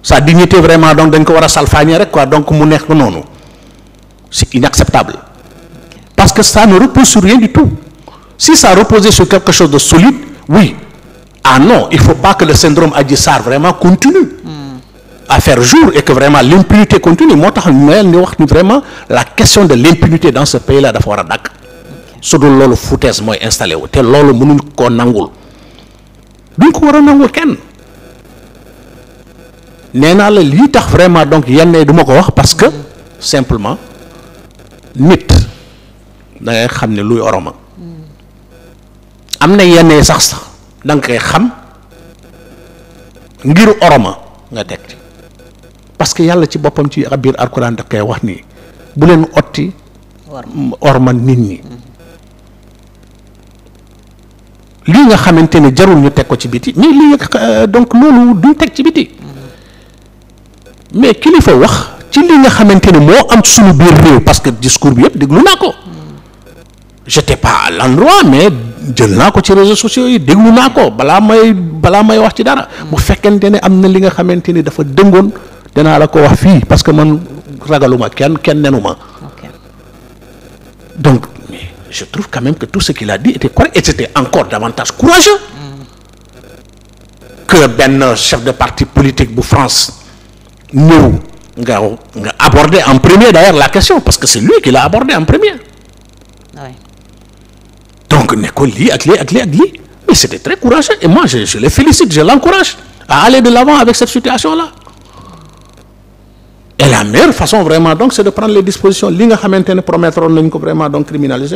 B: sa dignité vraiment donc dañ ko war a salfaañee rek quoi donc mu nekk noonu c'est inacceptable parce que ça ne repose sur rien du tout si ça reposait sur quelque chose de solide oui ah non il faut pas que le syndrome Adji Sarr vraiment continue hmm. à faire jour et que vraiment l'impunité continue moo tax mel ni wax ni vraiment la question de l'impunité dans ce pays la dafa war a dakk su dul loolu foutaise mooy installé wu te loolu mënuñ koo nangul duñ ko nee naa la lii tax vraiment donc yenn duma ko wax parce que simplement nit da xam ne luy oroma am na yenn sax sax danga koy xam ngir oroma nga teg ci parce que yàlla ci boppam ci biir alxuraan da koy wax nii bu leen otti orma nit ñi lii nga xamante ne jarul ñu teg ko ci biti mais lii donc loolu duñ teg ci biti mais kilifa wax ci li nga xamante ne moo am suñu biir réew parce que discours bi yëpp déglu naa ko j'étais pas à l'endroit mais jël naa ko ci réseaux sociaux yi déglu naa ko balaa may balaa may wax ci dara mu fekkente ne am na li nga xamante ni dafa dëngoon danaa la ko wax fii parce que man ragaluma kenn kenn nenuma donc je trouve quand même que tout ce qu'il a dit était correct et c'était encore davantage courageux mm. que benn chef de parti politique bu France ñëw nga nga aborder en premier d'ailleurs la question parce que c'est lui qui l'a abordé en premier donc ne ko lii ak lii ak lii mais c'était très courageux et moi je je félicite je l'encourage à aller de l'avant avec cette situation-là et la meilleure façon vraiment donc c'est de prendre les dispositions li nga xamante ne promettroon nañ ko vraiment donc criminaliser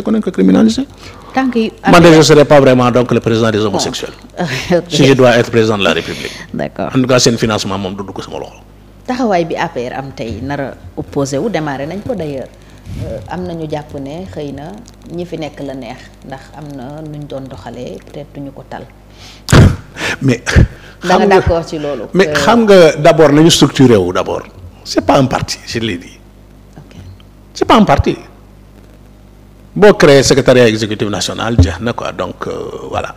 B: je serai pas vraiment donc le président des homosexuels. si je dois être président de la République. en tout cas seen financement moom du dugg
A: taxawaay bi APR am tey nar a wu démarré nañ ko d'ailleurs euh, am na ñu jàpp ne xëy na ñi fi nekk la neex ndax am na nuñ doon doxalee peut-être duñu ko tal.
B: mais xam nga d'accord loolu. xam nga d'abord nañu structuré wu d'abord c'est pas un parti je l'ai dit. ok c'est pas un parti. boo créé secrétariat exécutif national jeex na ko donc euh, voilà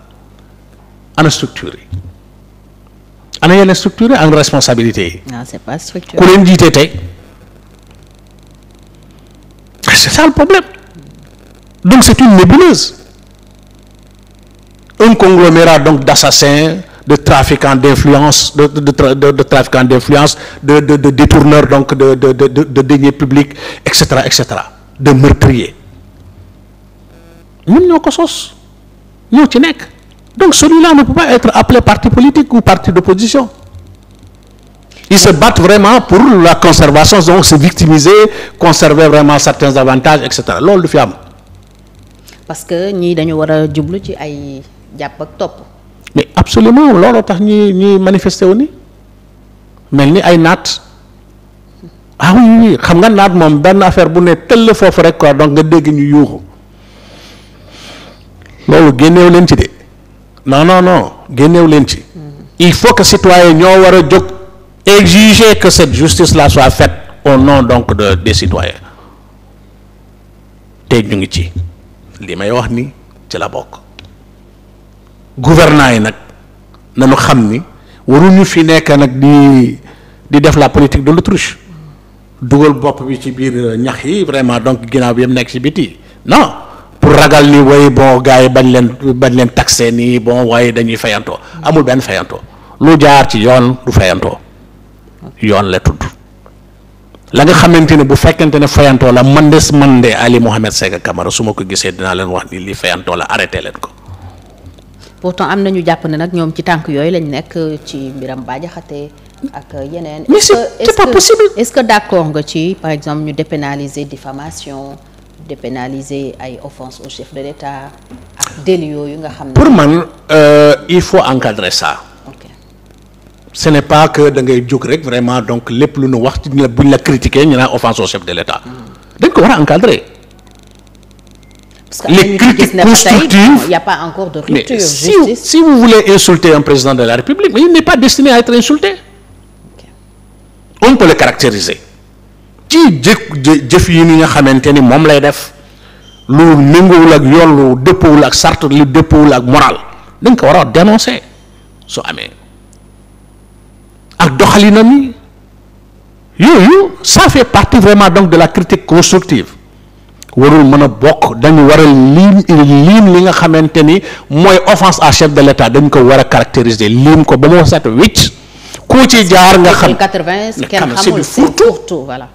B: ana structure yi ana yeneen structure ak responsabilité yi. non
A: c'est pas structure ku leen
B: jiite tey c'est ça le problème donc c'est une nébuleuse un conglomérat donc d'assassins de trafiquants d'influence de de de de trafiquants d'influence de de de donc de de de de deniers et cetera et cetera de meurtriers ñun ñoo ko sos ñoo ci nekk. Donc celui-là ne peut pas être appelé parti politique ou parti d'opposition. Ils se battent vraiment pour la conservation, donc se victimiser, conserver vraiment certains avantages, etc. loolu du fi am.
A: parce que ñii dañu war a jublu ci ay jàpp ak topp.
B: mais absolument looloo tax ñi ñuy manifester wu ni mel ni ay naat ah oui xam nga naat moom benn affaire bu ne tëll foofu rek quoi donc nga dégg ñu yuuxu loolu génneew leen ci de. non non non leen ci il faut que citoyen ñoo war a jóg exiger que cette justice là soit fait au nom donc de des citoyens te ñu ngi ci li may wax ni ci la bokk gouvernants yi nag nañu xam ni waruñu fi nekk nag di di def la politique de l'autruche dugal bopp bi ci biir ñax yi vraiment donc ginnaaw bi yëpp nekk ci biti non ragal ni way bon gars yi bañ leen bañ leen taxé nii bon waaye dañuy fayantoo amul benn fayantoo lu jaar ci yoon du fayantoo yoon la tudd la nga xamante ne bu fekkente ne fayantoo la man man de Ali Mohamed Sega Camara su ma ko gisee dinaa leen wax ni li fayantoo la arrêté leen ko.
A: pourtant am na ñu jàpp ne nag ñoom ci tànk yooyu lañ nekk ci mbiram Bah Diakhaté ak yeneen. mais c'est pas est-ce nga ci par exemple ñu dépénaliser diffamation dépénaliser ay offense au chef de l'État ak délit yooyu nga xam pour man
B: euh, il faut encadrer ça. ok ce n'est pas que da ngay jóg rek vraiment donc lépp lu nu wax ci buñ la critiquer ñu naan offense au chef de l'État. dañ ko war a encadrer. que les critiques constructives
A: il n'y a pas encore de rupture si
B: si vous voulez insulter un président de la République mais il n'est pas destiné à être insulté. Okay. on peut le caractériser. ci jë jëf yi ni nga xamante ni moom lay def lu méngoowul ak yoon lu dëppawul ak sart lu dëppawul ak moral dañ ko war a dénoncer su amee ak doxalinam yi yooyu ça fait partie vraiment donc de la critique constructive warul mën a bokk dañu war a liim liim li nga xamante ni mooy offense à chef de l'État dañ ko war a caractériser liim ko ba mu set wicc koo ci jaar nga xam
A: c'est du fourre-tout voilà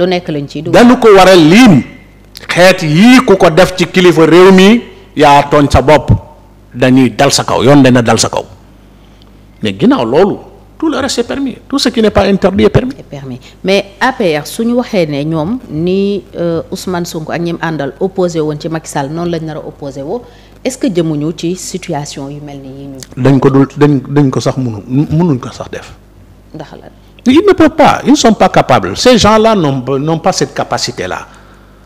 A: lu nekk lañ ci dugg dañu
B: ko war a xeet yii ku ko def ci kilifa réew mi yaa tooñ sa bopp dañuy dal sa kaw yoon dana dal sa kaw mais ginnaaw loolu tout le reste tout ce qui n'est pas interdit est permis. est
A: mais APR su ñu waxee ne ñoom ni euh, Ousmane Sonko ak ñim àndal opposé woon ci Macky Sall noonu lañ nar a opposé woo est-ce que jëmuñu ci situation yu mel ni yi
B: ñu. dañ ko dul dañ dañ ko sax munu munuñ ko sax def. ndax la. ils ne peuvent pas ils ne sont pas capables ces gens-là n'ont pas cette capacité-là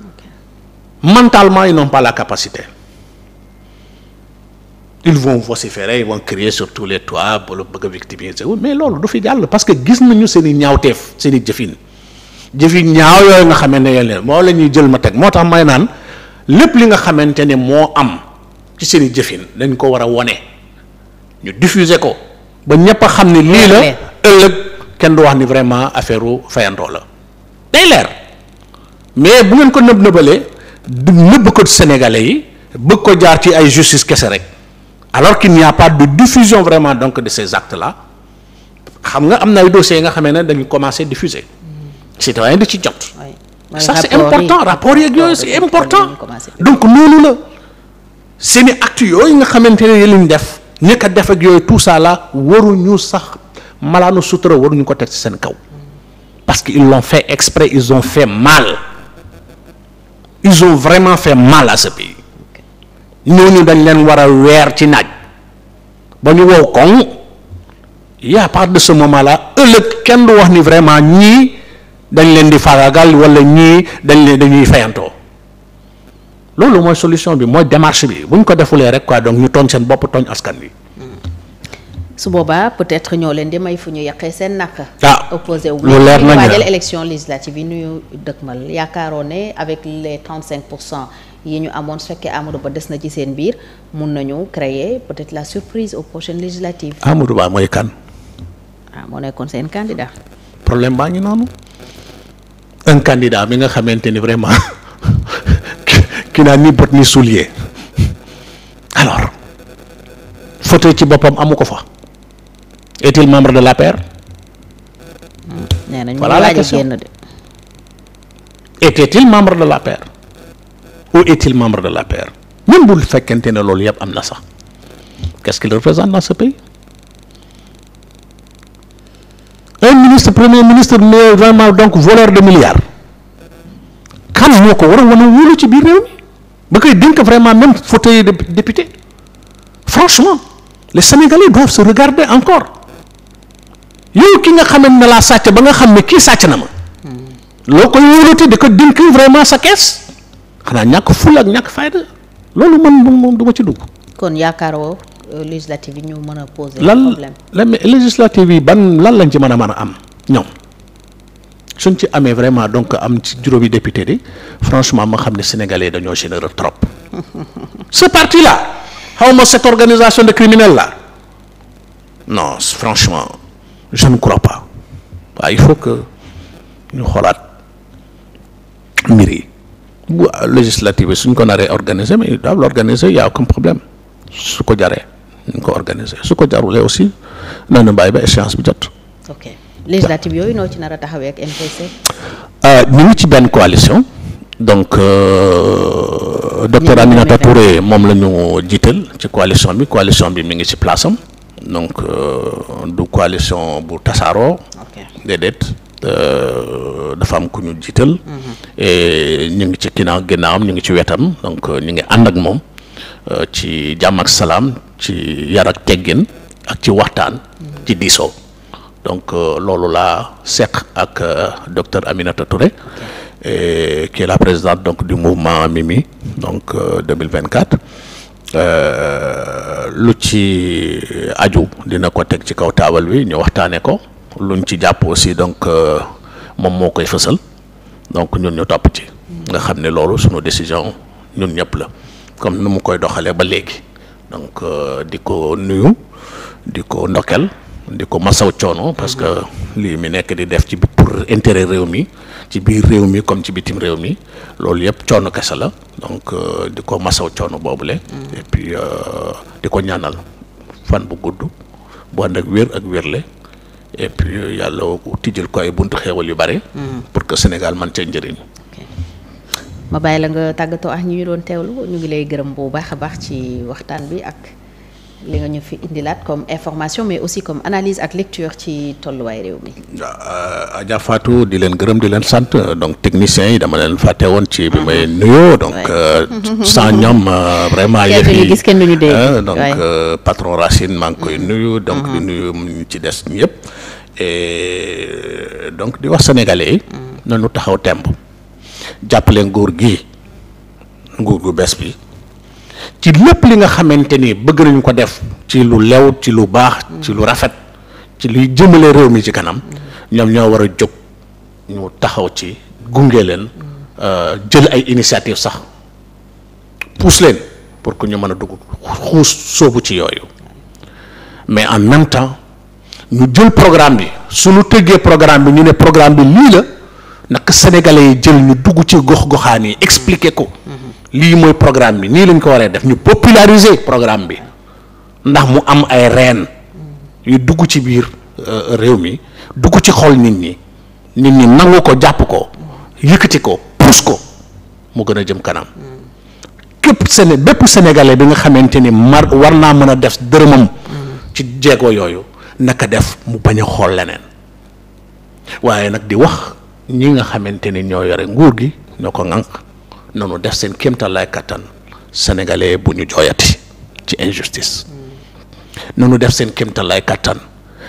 B: okay. mentalement ils n'ont pas la capacité il vont vociférer ils vont crier sur tous les toits ba la bëgg a victimiser mais loolu du fi jàll parce que gis nañu seeni i ñaawteef seen jëfin jëfin ñaaw yooyu nga xamante ne leen moo la ñuy jël ma teg moo tax may naan lépp li nga xamante ne moo am ci seen i jëfin dañ ko war a wone ñu diffuser ko ba ñëpp a xam ne lii la ëllëg kenn du wax ni vraiment affaire fayantoo la day leer mais bu ngeen ko nëb nëbalee nëbb ko sénégalais yi bëgg ko jaar ci ay justice kese rek alors qu'il n'y a pas de diffusion vraiment donc de ces actes là xam nga am na ay dossiers yi nga xamee ne dañu commencé diffuser citoyen di ci jot ça c'est important rapport yeeg yooyu c'est important donc noonu la seeni actes yooyu nga xamante ne lañ def ñëkk a yooyu tout waruñu sax malaanu sutura waruñu ko teg ci seen kaw parce que ils l'ont fait exprès ils on fait mal ils ont vraiment fait mal à ce pays ñooñu dañ leen war a weer ci naaj ba ñu wow koŋ y part de ce moment là ëllëg kenn du wax ni vraiment ñii dañ leen di faagagal wala ñii dañ leen dañuy fayantoo loolu mooy solution bi mooy démarche bi bu ñu ko defulee rek quoi donc ñu tooñ seen bopp tooñ askan wi.
A: su boobaa peut-être ñoo leen di may fu ñu yàqee seen naq. ah opposé wu lu leer nañu waajal élection législative yi nuyu dëkkmal yaakaaroon ne avec les 35 pour cent yi ñu amoon su fekkee Amadou Ba des na ci seen biir mun nañu créer peut-être la surprise aux prochaines législatives.
B: Amadou Ba mooy kan.
A: ah moo nekkoon seen candidat.
B: problème baa ñu noonu. un candidat mi nga xamante ni vraiment ki naa ni bot ni soulier alors fauteuil ci boppam amu ko fa. est-il membre de l'APR
A: nee nañ voilà la question
B: était-il membre de l'APR ou est-il membre de l'APR même bu fekkente ne loolu yëpp am na sax qu'est-ce qu'il représente dans ce pays un ministre premier ministre mais vraiment donc voleur de milliards kan moo ko war a wan a wóolu ci biir réew mi ba koy dénk vraiment même fauteuil de député franchement les Sénégalais doivent se regarder encore yow ki nga xamante ne laa sàcc ba nga xam ne kii sàcc na ma loo koy wóolute di ko dénk vraiment sa kees xanaa ñàkk ful ak ñàkk fayda loolu man moom duma ci dugg.
A: kon yaakaar woo euh, législative yi mën a poser problème
B: lan la yi ban lan lañ ci mën a mën a am ñoom suñ ci amee vraiment donc am ci juróomi député di franchement ma xam ne sénégalais dañoo généreux trop ce parti là xaw ma organisation de criminels là non franchement. je ne crois pas waaw il faut que ñu xoolaat mbir yi bu législative bi suñ ko naree organiser mais ils doivent l'organiser y a aucun problème su ko jaree ñu ko organiser su ko jarulee aussi nañu bàyyi ba échéance bi jot.
A: ok législative ci nar a taxawee
B: ah, ci benn coalition. donc euh, docteur Aminata moom la ñu jiital ci coalition bi coalition bi mu ngi ci place am. donc euh, du coalition bu tasaaroo. déedéet euh, dafa am ku ñu jiital. Mhm. et ñu ngi ci ginnaaw ginnaawam ñu ngi ci wetam donc euh, ñu ngi ànd ak moom ci jàmm ak salaam ci yar ak teggin ak ci waxtaan. ci mhm. diisoo donc loolu laa seq ak docteur Aminata Touré. et qui la président donc du mouvement Mimi donc 2024. Euh, euh, lu ci aju dina ko teg ci kaw taabal bi ñu waxtaanee ko luñ ci jàpp aussi donc euh, moom moo koy fësal donc ñun ñu topp ci nga xam ne loolu suñu décision ñun ñëpp la comme nu mu koy doxalee ba léegi donc di ko nuyu di ko ndokkeel di ko masaw coono parce que lii mi nekk di def ci pour intérêt réew mi ci biir réew mi comme ci bitim réew mi loolu yëpp coono kese la donc euh, di ko masaw coono boobule. Mm. et puis euh, di ko ñaanal fan bu gudd bu ànd ak wér ak wérle et puis euh, yàlla tijjal ko ay buntu xéewal yu bare. Mm. pour que Sénégal man cee njëriñ.
A: ma bàyyi la nga tàggatoo ak ñu ngi doon teewlu ñu ngi lay gërëm bu baax a baax ci waxtaan bi ak. li nga ñu fi indilaat comme information mais aussi comme analyse ak lecture ci tolluwaay réew mi.
B: waaw euh, di leen gërëm di leen sant donc techniciens yi dama leen fàtte woon ci bi may ah. nuyoo donc euh, sans ñoom euh, vraiment. yëf yi gis kenn duñu dee donc patron Racine maa ngi koy mm-hmm. nuyu. donc di mm-hmm. nuyu ñu ci des ñëpp. et donc di wax sénégalais yi. Mm. nañu taxaw temb jàppale nguur gi nguur gu bees bi. ci lépp li nga xamante ni bëgg nañu ko def ci lu lew ci lu baax ci lu rafet ci luy jëmale réew mi ci kanam ñoom ñoo war a jóg ñu taxaw ci gunge leen euh, jël ay initiative sax pousse leen pour que ñu mën a dugg xuus soobu ci yooyu mais en même temps ñu jël programme bi suñu tëggee programme bi ñu ne programme bi lii la naka sénégalais yi jël ñu dugg ci gox goxaan yi expliquer ko lii mooy programme bi nii lañ ko waree def ñu populariser programme bi ndax mu am ay reen yu dugg ci biir euh, réew mi dugg ci xool nit ñi nit ñi nangu ko jàpp ko yëkkati ko pousse ko mu gën a jëm kanam képp Séné bépp sénégalais bi nga xamante ni mar war naa mën a def dërëmam ci jéego yooyu naka def mu bañ a xool leneen waaye nag di wax ñi nga xamante ni ñoo yore nguur gi ñoo ko nank nanu def seen kéemtalaay kattan sénégalais bu ñu jooyati ci injustice nanu def seen kéemtalaay kattan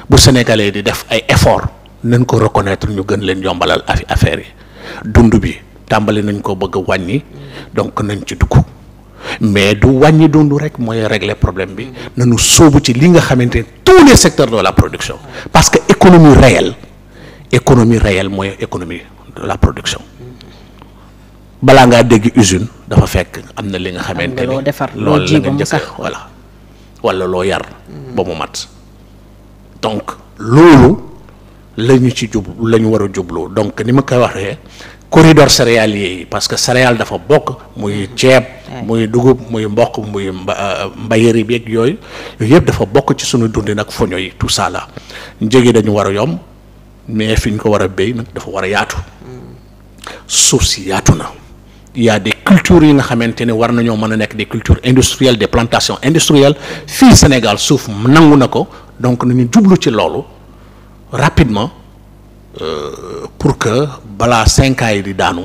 B: bu sénégalais di def ay effort nañ ko reconnaître ñu gën leen yombalal affaire yi dund bi tàmbali nañ ko bëgg a wàññi donc nañ ci dugg mais du wàññi dund rek mooy régler problème bi nañu sóobu ci li nga xamante ne tous les secteurs de la production parce que économie réelle économie réelle mooy économie de la production balaa ngaa dégg usine dafa fekk am na li nga xamante ni loolu la nga njëkk voilà wala loo yar ba mu mat donc loolu la ci jub la ñu war a jublu donc ni ma koy waxee corridor céréalier yi parce que céréale dafa bokk muy ceeb muy dugub muy mboq muy euh, mbayeri bi ak yooyu yooyu yëpp dafa bokk ci suñu dundi nag foño yi tout ça la dañu war a yomb mais fi ñu ko war a béy nag dafa war a yaatu mm. suuf si yaatu na il y a yi nga xamante ne war nañoo mën a nekk des cultures industrielles des plantations industrielles fii Sénégal suuf nangu na ko donc nañu jublu ci loolu rapidement euh, pour que balaa cinq ans yi di daanu.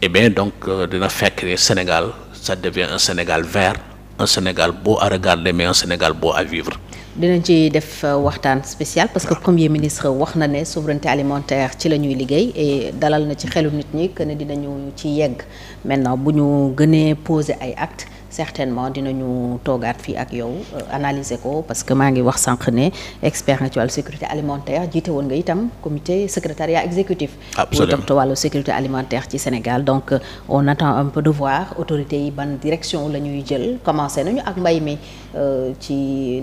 B: et eh donc euh, dina fekk Sénégal ça devient un Sénégal vert un Sénégal beau à regarder mais à vivre.
A: dinañ ci def euh, waxtaan spécial parce que premier ministre wax na ne souveraineté alimentaire ci la ñuy liggéey et dalal na ci xelu nit ñi kën ne dinañu ci yegg maintenant bu ñu gënee poser ay actes certainement dinañu toogaat fii ak yow euh, analyser ko parce que maa ngi wax sànq ne expert nga ci wàllu sécurité alimentaire jiite woon nga itam comité secrétariat exécutif bu toppatoo wàllu sécurité alimentaire ci Sénégal donc euh, on attend un peu de voir autorités yi ban direction la ñuy jël commencé nañu ak mbay mi euh, ci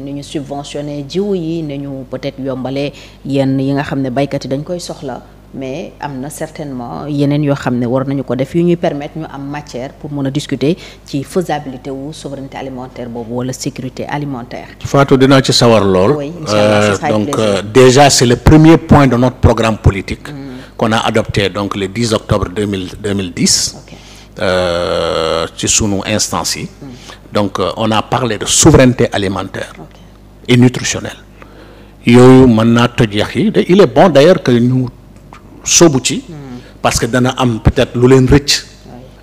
A: ni ñu subventionné jiw yi ne ñu peut-être yombalee yenn yi nga xam ne baykat yi dañ koy soxla mais am na certainement yeneen yoo xam ne war nañu ko def yu ñuy permettre ñu am matière pour mën a discuter ci faisabilité wu souveraineté alimentaire boobu wala sécurité alimentaire.
B: Fatou dinaa ci sawar lool. Euh, donc euh, déjà c'est le premier point de notre programme politique. Mm. qu'on a adopté donc le 10 octobre 2000 2010. Okay. Euh, ci sunu instance yi. Mm. donc euh, on a parlé de souveraineté alimentaire. Okay. et nutritionnelle. yooyu mën naa toj yax yi il est bon d'ailleurs que ñu. sobu ci parce que dana am peut-être lu leen rëcc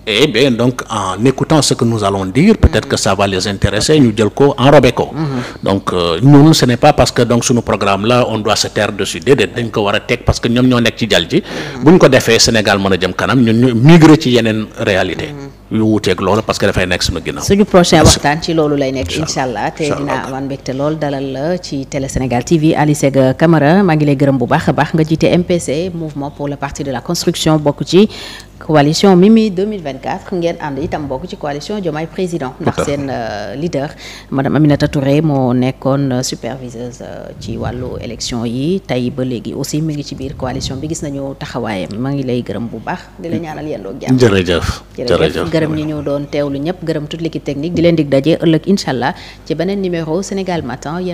B: et eh donc en écoutant ce que nous allons dire peut-être que ça les intéresser ñu jël ko enrobé ko donc euh, ñun ce n'est pas parce que donc suñu programme là on doit se taire dessus déedéet dañ ko war a teg parce que ñoom ñoo nekk ci jal ji bu ñu ko defee Sénégal mën a jëm kanam ñun ñu migrer ci yeneen réalité lu wuuteeg loolu parce que dafay nekk suñu ginnaaw. suñu
A: prochain waxtaan ci loolu lay nekk. incha allah te dinaa amaan mbégte lool dalal la ci télé Sénégal TV Ali Sega Camara maa ngi lay gërëm bu baax a baax nga jiite MPC mouvement pour la parti de la construction bokk ci. coalition Mimi 2024 ngeen ànd itam bokk ci coalition Diomaye président ndax seen euh, leader madame Aminata Touré moo nekkoon euh, superviseuse euh, ci wàllu élection yi tey ba léegi aussi mu ngi ci biir coalition bi gis nañu taxawaayam maa ngi lay gërëm bu baax di la ñaanal yéen doog jàmm jërëjëf
B: jërëjëf gërëm ñi
A: ñu doon lu ñëpp gërëm toute l'équipe technique di leen dig daje ëllëg incha allah ci beneen numéro Sénégal Matin